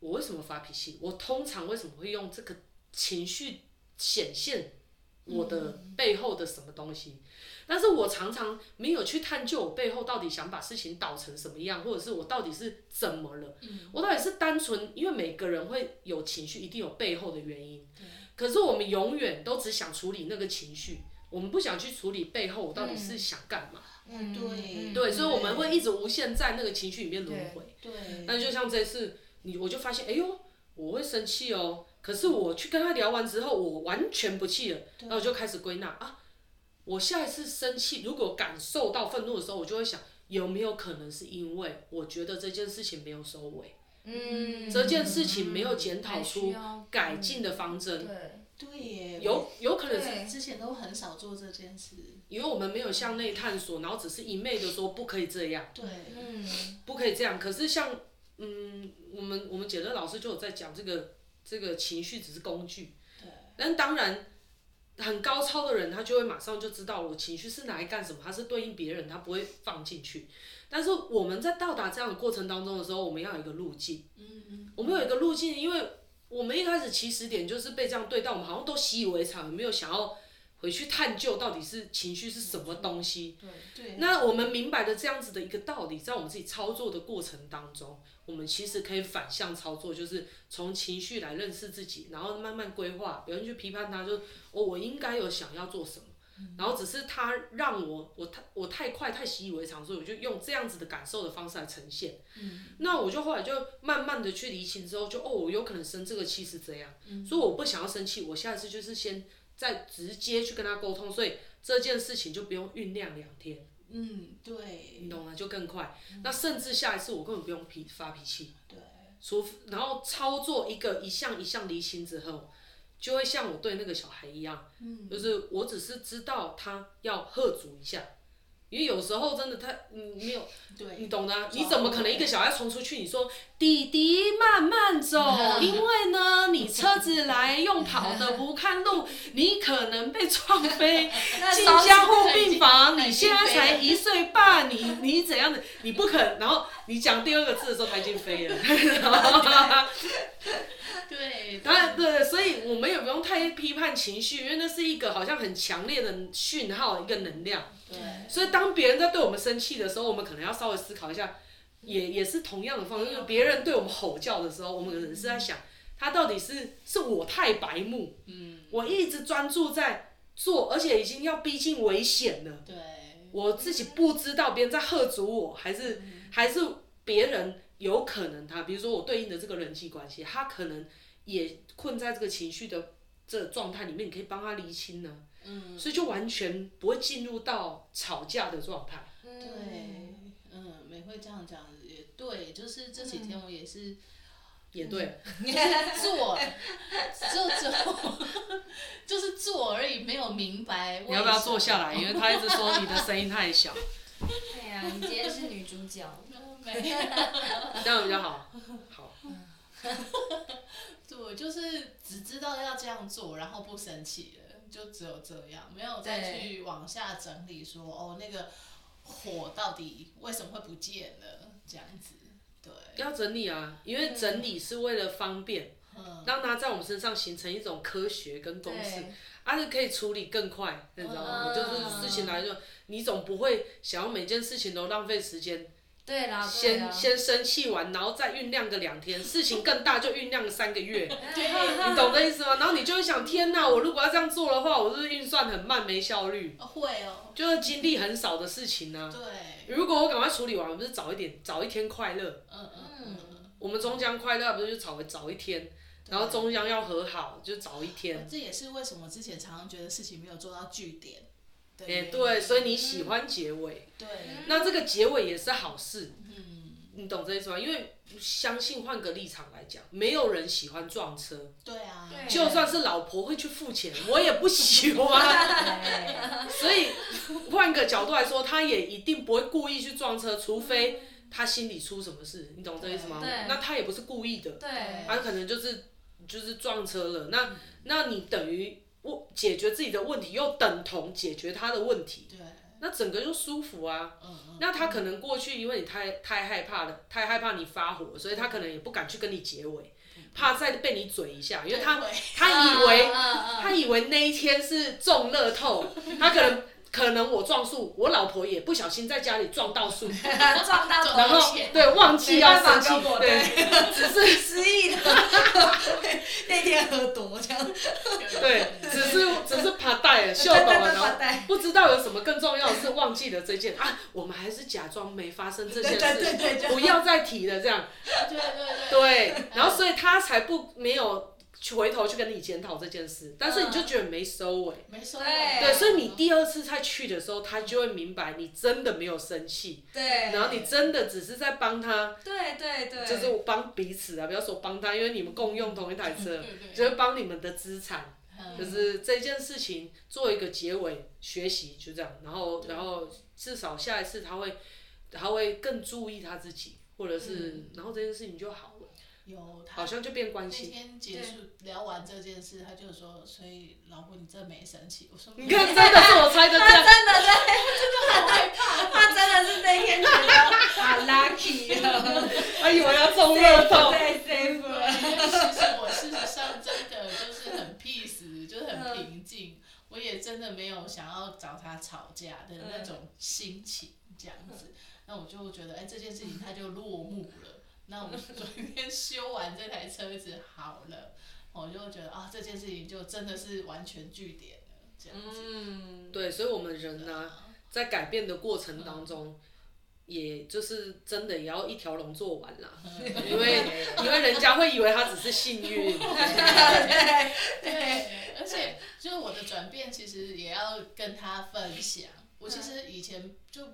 我為什麼發脾氣？我通常為什麼會用這個情緒顯現我的背後的什麼東西？嗯嗯但是我常常沒有去探究我背後到底想把事情導成什麼樣，或者是我到底是怎麼了？嗯、我到底是單純，因為每個人會有情緒，一定有背後的原因。可是我們永遠都只想處理那個情緒，我們不想去處理背後我到底是想幹嘛，嗯。嗯，對。對，所以我們會一直無限在那個情緒裡面輪迴。對。那就像這次，你我就發現，哎呦，我會生氣哦、喔。可是我去跟他聊完之後，我完全不氣了。那我就開始歸納啊。我下一次生氣，如果感受到憤怒的時候，我就會想，有沒有可能是因為我覺得這件事情沒有收尾，嗯，這件事情沒有檢討出改進的方針，嗯，對，對耶，有有可能是之前都很少做這件事，因為我們沒有向內探索，然後只是一昧的說不可以這樣，對，嗯，不可以這樣。可是像嗯，我們我們傑德老師就有在講這個，這個情緒只是工具，對，但當然。很高超的人，他就會馬上就知道我情緒是拿來幹什麼，他是對應別人，他不會放進去。但是我們在到達這樣的過程當中的時候，我們要有一個路徑，嗯，嗯嗯，我們有一個路徑，因為我們一開始起始點就是被這樣對待，我們好像都習以為常，沒有想要回去探究到底是情緒是什麼東西。嗯、對，對那我們明白的這樣子的一個道理，在我們自己操作的過程當中，我們其實可以反向操作，就是從情緒來認識自己，然後慢慢規劃。別人去批判他，就哦，我應該有想要做什麼。嗯、然後只是他讓我我，我太我太快太習以為常，所以我就用這樣子的感受的方式來呈現。嗯、那我就後來就慢慢的去理清之後，就哦，我有可能生這個氣是這樣，嗯。所以我不想要生氣，我下次就是先。再直接去跟他溝通，所以這件事情就不用醞釀兩天。嗯，對，你懂了就更快，嗯。那甚至下一次我根本不用脾發脾氣，對，除然後操作一個一項一項釐清之後，就會像我對那個小孩一樣，嗯，就是我只是知道他要嚇阻一下。因為有時候真的他嗯，沒有，對，你懂的、啊，你怎麼可能一個小孩衝出去？你說弟弟慢慢走， 因為呢，你車子來用跑的不看路， 你可能被撞飛進 加護病房。你現在才一歲半，你你，你怎樣的？你不可能，然後你講第二個字的時候，他已經飛了。 對，當然對，所以我們也不用太批判情緒，因為那是一個好像很強烈的訊號，一個能量。對。所以當別人在對我們生氣的時候，我們可能要稍微思考一下。也也是同樣的方式，嗯、因為別人對我們吼叫的時候，我們可能是在想、嗯，他到底是是我太白目？嗯。我一直專注在做，而且已經要逼近危險了。對。我自己不知道別人在喝阻我還是、嗯、還是別人有可能他，比如說我對應的這個人際關係，他可能。也困在這個情緒的這狀態裡面，你可以幫他釐清呢。嗯。所以就完全不會進入到吵架的狀態、嗯。對，嗯，美會這樣講也對，就是這幾天我也是，嗯嗯、也對，你、嗯、做做 做，就是做而已，沒有明白。你要不要坐下來？因為他一直說你的聲音太小。 對呀、啊，你今天是女主角。嗯， 你這樣比較好。好。 對，就是只知道要這樣做，然後不生氣了，就只有這樣，沒有再去往下整理說哦，那個火到底為什麼會不見了？這樣子，對。要整理啊，因為整理是為了方便，嗯嗯、讓它在我們身上形成一種科學跟公式，而且、啊、可以處理更快，你知道嗎？啊、就是事情來說，你總不會想要每件事情都浪費時間。對啦，先對啦，先生氣完，然後再醞釀個兩天，事情更大就醞釀三個月， 對，你懂這意思嗎？然後你就會想，天哪！我如果要這樣做的話，我就是運算很慢，沒效率。會哦。就是精力很少的事情呢、啊。對。如果我趕快處理完，我們就早一點，早一天快樂。嗯嗯我們終將快樂，不是就早早一天？然後終將要和好，就早一天。這也是為什麼之前常常覺得事情沒有做到據點。哎、啊欸，對，所以你喜歡結尾，嗯，對，那這個結尾也是好事，嗯，你懂這意思嗎？因為相信換個立場來講，沒有人喜歡撞車，對啊對，就算是老婆會去付錢，我也不喜歡， 所以換個角度來說，他也一定不會故意去撞車，除非他心裡出什麼事，你懂這意思嗎？那他也不是故意的，他可能就是就是撞車了，那那你等於。我解決自己的問題，又等同解決他的問題，對，那整個就舒服啊。Uh -huh. 那他可能過去因為你太太害怕了，太害怕你發火，所以他可能也不敢去跟你結尾，對對怕再被你嘴一下，因為他對對他以為、uh -huh. 他以為那一天是中樂透， 他可能。可能我撞樹，我老婆也不小心在家裡撞到樹， 撞到，然後對，忘記要生氣，過對， 只是失憶了，那 億的 天喝多這樣，對， 只是只是怕戴，曉得嗎？然後不知道有什麼更重要的事忘記了這件啊，我們還是假裝沒發生這件事情， 不要再提了這樣， 對對對，對，對，然後所以他才不 沒有。去回頭去跟你檢討這件事，但是你就覺得沒收尾，沒收尾，對，所以你第二次再去的時候，他就會明白你真的沒有生氣，對，然後你真的只是在幫他，對對對，就是我幫彼此啊。不要說幫他，因為你們共用同一台車，對對對，就是幫你們的資產對對對。就是這件事情做一個結尾，學習就這樣，然後然後至少下一次他會他會更注意他自己，或者是、嗯、然後這件事情就好。好像就變關係。那天結束聊完這件事，他就說：“所以老婆你真沒生氣。”我說：“你看真的是我猜的這樣， 真的對，他真、真、真的是那天結束啊，lucky 哦！哎呀，我以為要送樂透。謝謝師傅。其實我事實上真的就是很 peace，就是很平靜、嗯，我也真的沒有想要找他吵架的那種心情，這樣子。那、嗯、我就覺得，哎、欸，這件事情他就落幕了。那我們昨天修完這台車子好了，我就覺得啊，這件事情就真的是完全據點了這樣子。嗯，對，所以我們人呢、啊啊、在改變的過程當中，嗯、也就是真的也要一條龍做完了、嗯，因為對對對，因為人家會以為他只是幸運。對，而且就是我的轉變其實也要跟他分享，我其實以前就。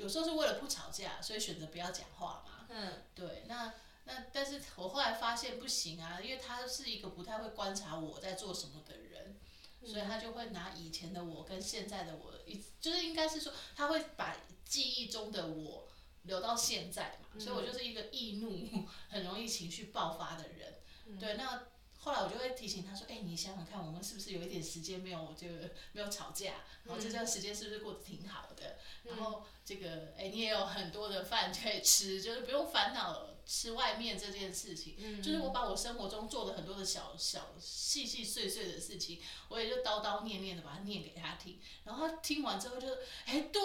有時候是為了不吵架，所以選擇不要講話嘛。嗯，對。那那，但是我後來發現不行啊，因為他是一個不太會觀察我在做什麼的人，嗯、所以他就會拿以前的我跟現在的我，一就是應該是說，他會把記憶中的我留到現在嘛、嗯。所以我就是一個易怒、很容易情緒爆發的人。嗯、對，那。後來我就會提醒他說：“哎、欸，你想想看，我們是不是有一點時間沒有就、這個、沒有吵架？然後這段時間是不是過得挺好的？嗯、然後這個哎、欸，你也有很多的飯可以吃，就是不用煩惱了。”吃外面這件事情、嗯，就是我把我生活中做的很多的小小細細碎碎的事情，我也就叨叨念念的把它念給他聽，然後他聽完之後就說：“哎、欸，對。”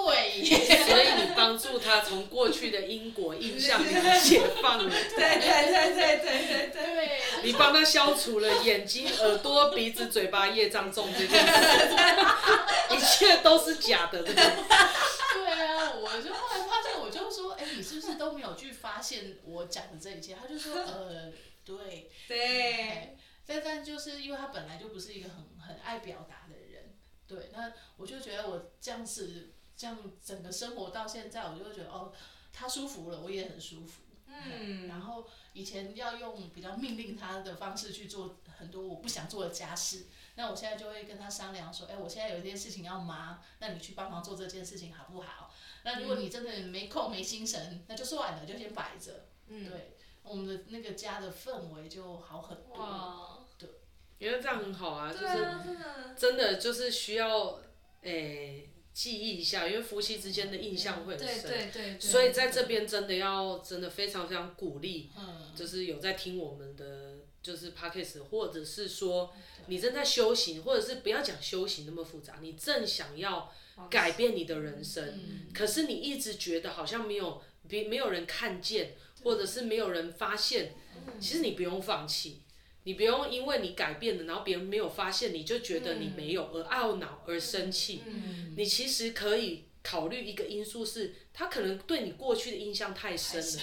所以你幫助他從過去的因果印象裡面解放了 對對對對對對對。你幫他消除了眼睛、耳朵、鼻子、嘴巴、業障重這件事， 一切都是假的。對, 對啊，我就。就是都沒有去發現我講的這一切，他就說，呃，對 對，但但就是因為他本來就不是一個很很愛表達的人，對，那我就覺得我這樣子，這樣整個生活到現在，我就覺得哦，他舒服了，我也很舒服。嗯，然後以前要用比較命令他的方式去做很多我不想做的家事，那我現在就會跟他商量說，哎、欸，我現在有一件事情要忙，那你去幫忙做這件事情好不好？那如果你真的沒空、嗯、沒精神，那就算了，就先擺着。嗯，對，我們的那個家的氛圍就好很多。哇，對，因為這樣很好啊，啊就是真的就是需要誒、欸、記憶一下，因為夫妻之間的印象會很深。對對對，對，對，對，對。所以在這邊真的要真的非常非常鼓勵、嗯，就是有在聽我們的。就是 podcast 或者是說你正在修行，或者是不要講修行那麼複雜，你正想要改變你的人生，嗯嗯、可是你一直覺得好像沒有別沒有人看見，或者是沒有人發現，嗯、其實你不用放棄，你不用因為你改變了，然後別人沒有發現，你就覺得你沒有、嗯、而懊惱而生氣、嗯嗯，你其實可以考慮一個因素是，他可能對你過去的印象太深了。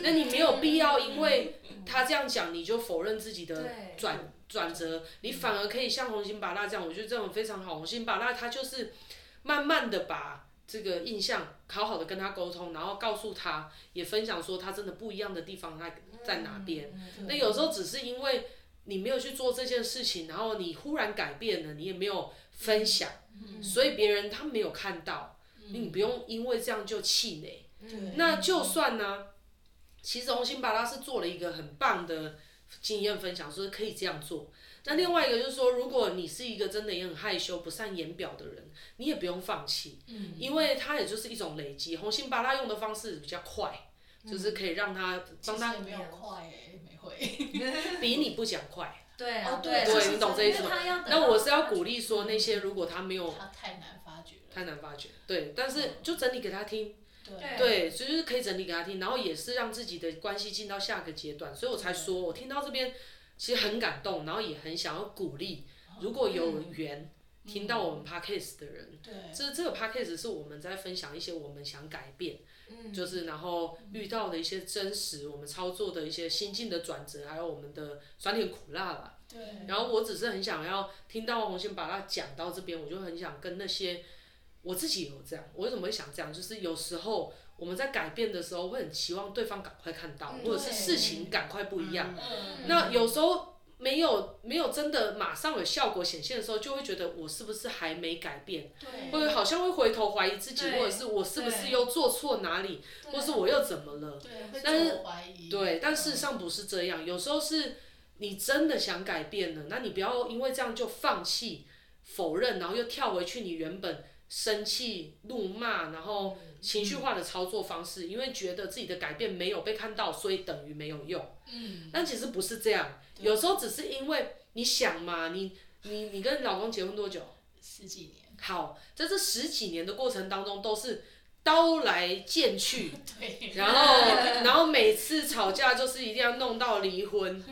那你沒有必要，因為他這樣講，你就否認自己的轉轉折，你反而可以像紅心芭辣這樣，我覺得這種非常好。紅心芭辣他就是慢慢的把這個印象好好的跟他溝通，然後告訴他，也分享說他真的不一樣的地方他在哪邊。那有時候只是因為你沒有去做這件事情，然後你忽然改變了，你也沒有分享，嗯、所以別人他沒有看到、嗯。你不用因為這樣就氣餒。那就算呢、啊？其實紅心芭樂是做了一個很棒的經驗分享，說、就是、可以這樣做。那另外一個就是說，如果你是一個真的也很害羞、不善言表的人，你也不用放棄、嗯，因為它也就是一種累積。紅心芭樂用的方式比較快，就是可以讓它，其、嗯、實沒有快哎、欸，沒會， 比你不講快。對啊， 對,哦、對，對，你懂這意思嗎？那我是要鼓勵說，那些、嗯、如果他沒有，他太難發覺，太難發覺對,、嗯、對，但是就整理給他聽。對，所以就是可以整理給他聽，然後也是讓自己的關係進到下個階段，所以我才說，我聽到這邊其實很感動，然後也很想要鼓勵、嗯，如果有緣、嗯、聽到我們 Podcast 的人，對，就是這個 Podcast 是我們在分享一些我們想改變，嗯，就是然後遇到的一些真實、嗯，我們操作的一些心境的轉折，還有我們的酸甜苦辣了，對，然後我只是很想要聽到紅心先把它講到這邊，我就很想跟那些。我自己也有這樣，我為什麼會想這樣？就是有時候我們在改變的時候，會很期望對方趕快看到、嗯，或者是事情趕快不一樣、嗯嗯。那有時候沒有沒有真的馬上有效果顯現的時候，就會覺得我是不是還沒改變？會好像會回頭懷疑自己，或者是我是不是又做錯哪裡，或是我又怎麼了？對，但是,對,會自我懷疑，但是對，但事實上不是這樣、嗯。有時候是你真的想改變了，那你不要因為這樣就放棄、否認，然後又跳回去你原本。生氣、怒罵，然後情緒化的操作方式，嗯，因為覺得自己的改變沒有被看到，所以等於沒有用。嗯，但其實不是這樣，有時候只是因為你想嘛，你你你跟老公結婚多久？十幾年。好，在這十幾年的過程當中都是。刀來劍去，然後然後每次吵架就是一定要弄到離婚，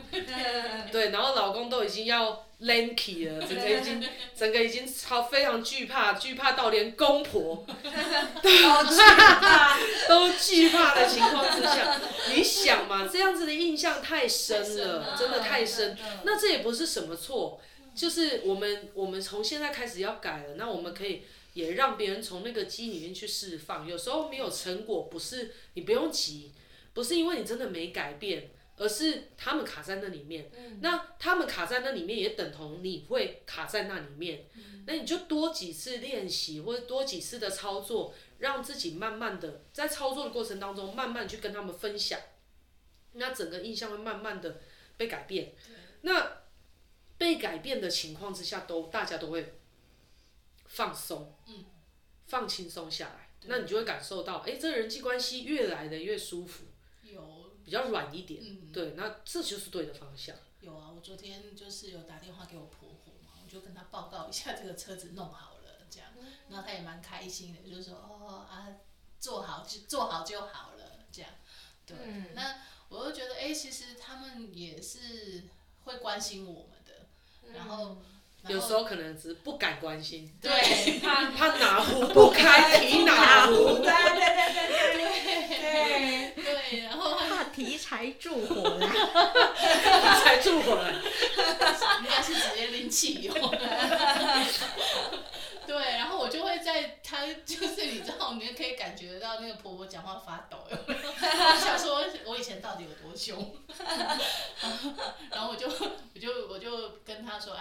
對，然後老公都已經要 lanky 了，整個已經整個已經超非常懼怕，懼怕到連公婆、哦、 都都懼怕的情況之下，你想嘛，這樣子的印象太深了，啊、真的太深，那這也不是什麼錯，就是我們我們從現在開始要改了，那我們可以。也讓別人從那個機裡面去釋放。有時候沒有成果，不是你不用急，不是因為你真的沒改變，而是他們卡在那裡面。嗯。那他們卡在那裡面，也等同你會卡在那裡面。嗯。那你就多幾次練習，或者多幾次的操作，讓自己慢慢的在操作的過程當中，慢慢去跟他們分享。那整個印象會慢慢的被改變。那被改變的情況之下，都大家都會。放鬆，嗯，放輕鬆下來，那你就會感受到，哎、欸，這人際關係越來的越舒服，有比較軟一點、嗯，對，那這就是對的方向。有啊，我昨天就是有打電話給我婆婆嘛，我就跟她報告一下這個車子弄好了這樣，那她也蠻開心的，就是說哦啊，做好就做好就好了這樣，對、嗯，那我就覺得哎、欸，其實他們也是會關心我們的，然後。嗯有時候可能只是不敢關心，對，怕怕哪壺 不開提哪壺，對對對對對對對,對,對，然後怕添柴助火了，添 柴助火了，應該是直接拎汽油， 對，然後我就會在他，就是你知道，你也可以感覺到那個婆婆講話發抖有沒有， 我想說，我以前到底有多兇？ 然後我就我就我就跟她說，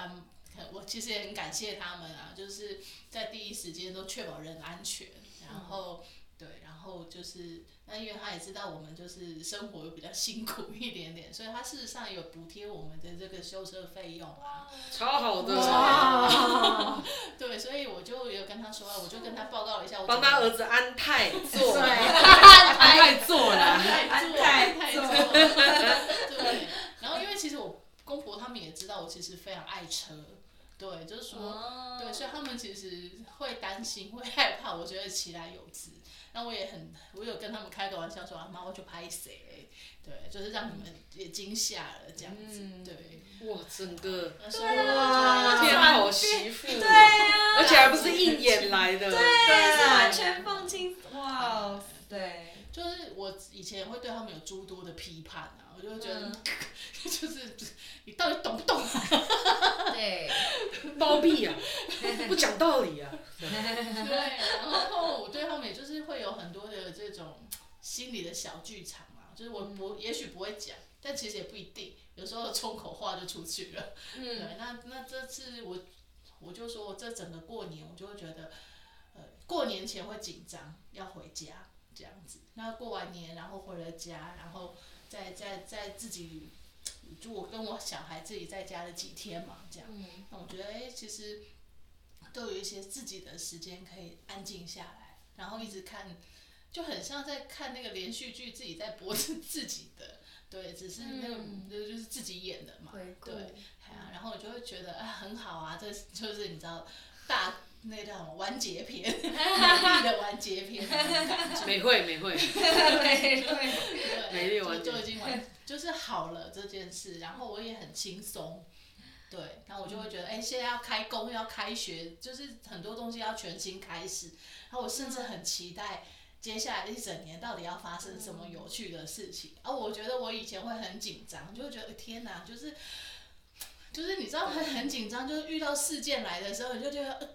我其實也很感謝他們啊，就是在第一時間都確保人安全，嗯、然後對，然後就是那因為他也知道我們就是生活又比較辛苦一點點，所以他事實上有補貼我們的這個修車費用啊，超好的，對，所以我就有跟他說了，我就跟他報告了一下我，我幫他兒子安泰坐， 安泰坐了，安泰坐，安泰坐安泰坐 對，然後因為其實我公婆他們也知道我其實非常愛車。對，就是說、哦，對，所以他們其實會擔心，會害怕。我覺得其來有之，那我也很，我有跟他們開個玩笑說啊，我就拍誰，對，就是讓你們也驚嚇了這樣子，嗯、對。哇，整個，的！對啊，天好媳婦，對、啊、而且還不是硬演來的，對，完全放輕鬆，哇，對。對。就是我以前會對他們有諸多的批判啊，我就會覺得，嗯、 就是你到底懂不懂啊？ 對，包庇啊， 不講道理啊。對，對，然後我對他們也就是會有很多的這種心理的小劇場嘛、啊，就是我不，嗯、也許不會講，但其實也不一定，有時候衝口話就出去了。嗯，對，那那這次我我就說我這整個過年我就會覺得，呃，過年前會緊張要回家。這樣子，然後過完年，然後回了家，然後在在在自己，就我跟我小孩自己在家的幾天嘛，這樣。嗯、那我覺得，哎、欸，其實都有一些自己的時間可以安靜下來，然後一直看，就很像在看那個連續劇，自己在播出自己的，對，只是那有、個嗯嗯，就是自己演的嘛。對。呀、嗯，然後我就會覺得，啊、哎，很好啊，這就是你知道大。那個叫什麼？完結篇，哈，美麗的完結篇。美會美會。美會， 對。美麗就，就已經完了，就是好了這件事。然後我也很輕鬆，對。然後我就會覺得，哎、嗯欸，現在要開工，要開學，就是很多東西要全新開始。然後我甚至很期待接下來一整年到底要發生什麼有趣的事情。啊、嗯，然後我覺得我以前會很緊張，就會覺得、欸，天哪，就是。就是你知道很很緊張，就是遇到事件來的時候，你就覺得，嗯呃、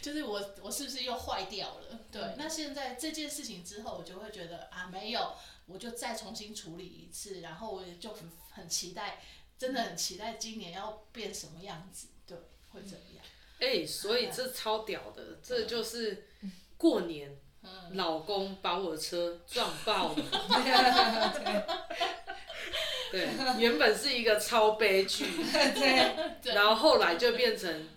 就是我我是不是又壞掉了？對、嗯。那現在這件事情之後，我就會覺得啊，沒有，我就再重新處理一次，然後我就很很期待，真的很期待今年要變什麼樣子？對，嗯、會怎樣？哎、欸，所以這超屌的，嗯、這就是過年、嗯、老公把我車撞爆了。 對，原本是一個超悲劇， 然後後來就變成，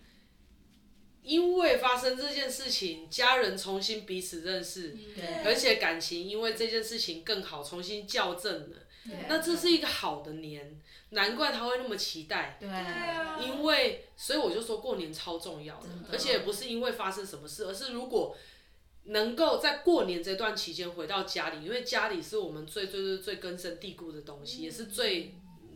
因為發生這件事情，家人重新彼此認識，而且感情因為這件事情更好，重新校正了，那這是一個好的年，難怪他會那麼期待，因為所以我就說，過年超重要的，真的，而且也不是因為發生什麼事，而是如果。能夠在過年這段期間回到家裡，因為家裡是我們最最最最根深蒂固的東西，嗯、也是最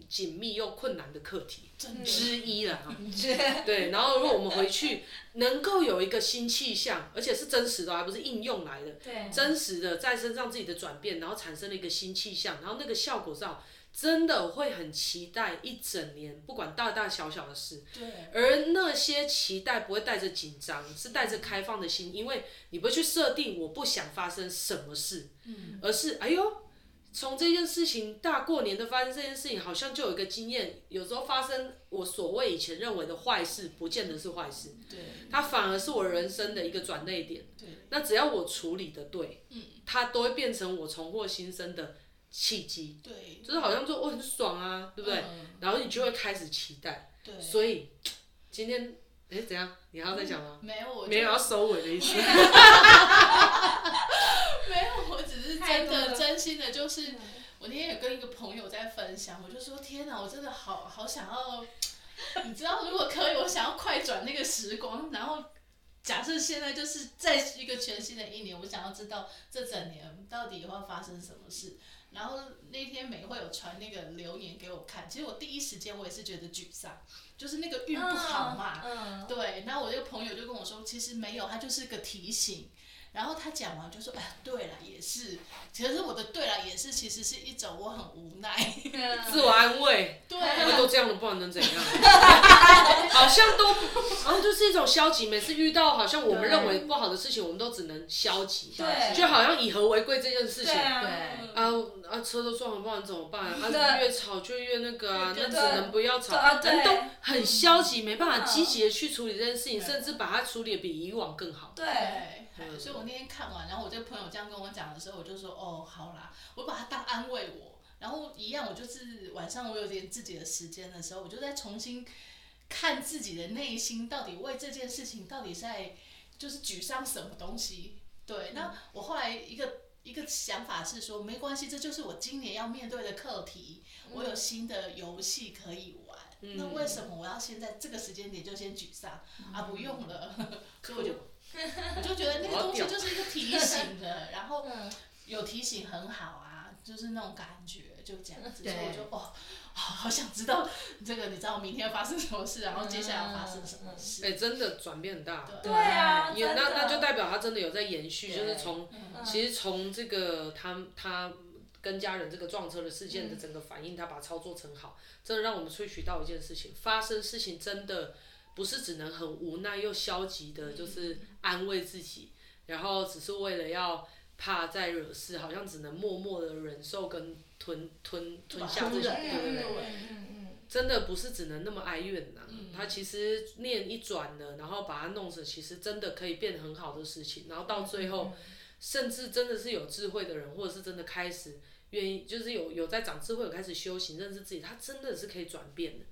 緊密又困難的課題之一了哈、啊。 對，然後如果我們回去 能夠有一個新氣象，而且是真實的，而不是應用來的，對，真實的在身上自己的轉變，然後產生了一個新氣象，然後那個效果是好真的會很期待一整年，不管大大小小的事。對。而那些期待不會帶着緊張，是帶着開放的心，因為你不去設定我不想發生什麼事。嗯。而是，哎呦，從這件事情大過年的發生這件事情，好像就有一個經驗。有時候發生我所謂以前認為的壞事，不見得是壞事。對。它反而是我人生的一個轉捩點。對。那只要我處理得對，嗯，它都會變成我重獲新生的。契機，就是好像說我、嗯哦、很爽啊，對不對？然後你就會開始期待。對、嗯。所以今天哎、欸、怎樣？你還要再講嗎、嗯？沒有我。沒有要收尾的意思。 沒有，我只是真的真心的，就是、嗯、我那天也跟一個朋友在分享，我就說天哪，我真的好好想要，你知道如果可以，我想要快轉那個時光。然後假設現在就是在一個全新的一年，我想要知道這整年到底會發生什麼事。然後那天美會有傳那個流年給我看，其實我第一時間我也是覺得沮喪，就是那個運不好嘛。Uh, uh. 對，然後我這個朋友就跟我說，其實沒有，它就是個提醒。然後他講完就說：“哎呀，對了，也是。可是我的對了也是，其實是一種我很無奈，yeah. 自我安慰。對、啊，我們都這樣了，不然能怎樣？ 好像都，然後就是一種消極。每次遇到好像我們認為不好的事情，我們都只能消極。對，就好像以和為貴這件事情，對啊。啊啊，車都撞了，不然怎麼辦啊？啊，那越吵就越那個啊，那只能不要吵。對啊對，人都很消極，沒辦法積極的去處理這件事情，甚至把它處理得比以往更好。對。”所以，我那天看完，然後我這個朋友這樣跟我講的時候，我就說：“哦，好啦，我把它當安慰我。”然後一樣，我就是晚上我有點自己的時間的時候，我就在重新看自己的內心，到底為這件事情到底在就是沮喪什麼東西。對，嗯、那我後來一個一個想法是說，沒關係，這就是我今年要面對的課題。我有新的遊戲可以玩。嗯、那為什麼我要現在這個時間點就先沮喪、嗯、啊？不用了，嗯、 所以我就。我 就覺得那個東西就是一個提醒的， 然後有提醒很好啊， 就是那種感覺，就這樣子。對，所以我就哦，好想知道這個，你知道明天發生什麼事，然後接下來發生什麼事。哎、嗯欸，真的轉變很大。對，對啊，有那那就代表他真的有在延續，就是從、嗯、其實從這個他他跟家人這個撞車的事件的整個反應，嗯、他把操作成好，這讓我們萃取到一件事情，發生的事情真的。不是只能很無奈又消極的，就是安慰自己、嗯，然後只是為了要怕再惹事，好像只能默默的忍受跟吞吞吞下這些，對、嗯、對、嗯嗯。真的不是只能那麼哀怨吶、啊嗯。他其實念一轉了，然後把他弄死，其實真的可以變很好的事情。然後到最後、嗯嗯，甚至真的是有智慧的人，或者是真的開始願意，就是有有在長智慧，有開始修行認識自己，他真的是可以轉變的。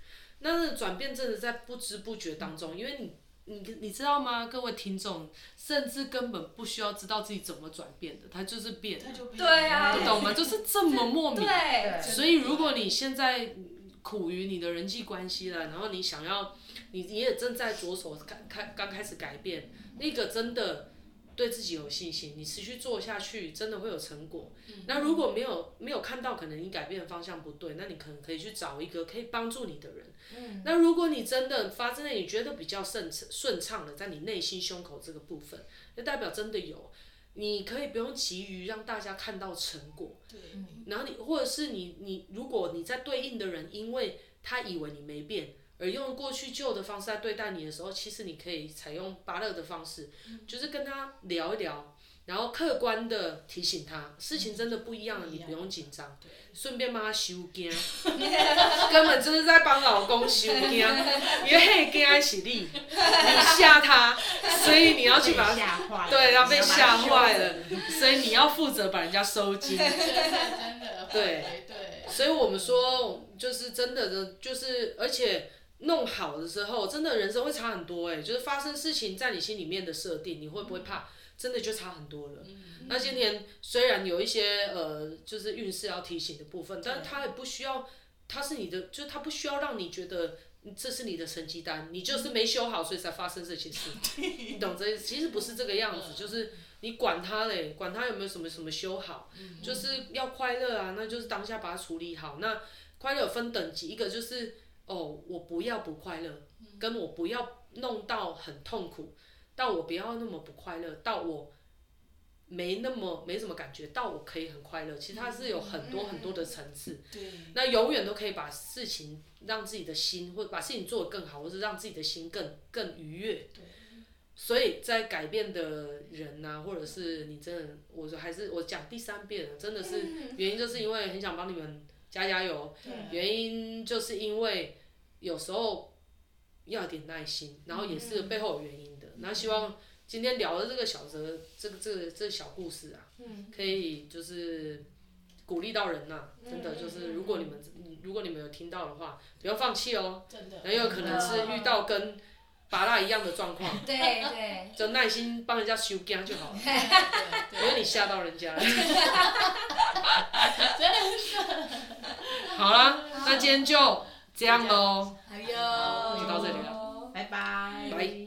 但是轉變真的在不知不覺當中，因為你，你你知道嗎，各位聽眾，甚至根本不需要知道自己怎麼轉變的，它就是變，他就變、欸，對啊，你懂嗎？就是這麼莫名。 對，對，所以如果你現在苦於你的人際關係了，然後你想要，你也正在着手開開剛開始改變，那個真的。對自己有信心，你持續做下去，真的會有成果。嗯，那如果沒有沒有看到，可能你改變的方向不對，那你可能可以去找一個可以幫助你的人。嗯，那如果你真的發自內，你覺得比較順順暢的，在你內心胸口這個部分，那代表真的有，你可以不用急於讓大家看到成果。嗯，然後你或者是你你，如果你在對應的人，因為他以為你沒變。而用過去舊的方式在對待你的時候，其實你可以採用芭樂的方式、嗯，就是跟他聊一聊，然後客觀的提醒他，事情真的不一樣了,不一樣的，你不用緊張。順便幫他收驚， 根本就是在幫老公收驚， 因為跟安喜力，你嚇他，所以你要去把他嚇壞，對，被嚇壞要被嚇壞了，所以你要負責把人家收驚。對 對。所以我們說，就是真的，就是而且。弄好的時候，真的人生會差很多哎，就是發生事情在你心裡面的設定，你會不會怕？嗯、真的就差很多了，嗯。那今天雖然有一些呃，就是運勢要提醒的部分，但它也不需要，它是你的，就它、是、不需要讓你覺得這是你的成績單，你就是沒修好，所以才發生這些事。嗯、你懂這個？ 其實不是這個樣子，就是你管它嘞，管它有沒有什麼什麼修好，嗯，就是要快樂啊，那就是當下把它處理好。那快樂有分等級，一個就是。哦、oh，我不要不快樂，跟我不要弄到很痛苦，嗯、到我不要那麼不快樂，到我沒那麼沒什麼感覺，到我可以很快樂。其實它是有很多很多的層次、嗯嗯，那永遠都可以把事情讓自己的心，或把事情做得更好，或是讓自己的心更更愉悅。所以在改變的人呢、啊，或者是你真的，我說還是我講第三遍了、啊，真的是、嗯、原因就是因為很想幫你們。加加油、啊，原因就是因為有時候要點耐心、嗯，然後也是背後有原因的。那、嗯、希望今天聊的這個小則、嗯，這個這個、這個、小故事啊、嗯，可以就是鼓勵到人吶、啊嗯，真的就是如果你們、嗯，如果你們有聽到的話，不要放棄哦，很有可能是遇到跟。把那一樣的狀況，對對，就耐心幫人家修鏡就好了，因為你嚇到人家了， 好啦好，那今天就這樣嘍、哎，好，就到這裡了，拜、哎、拜。Bye bye bye.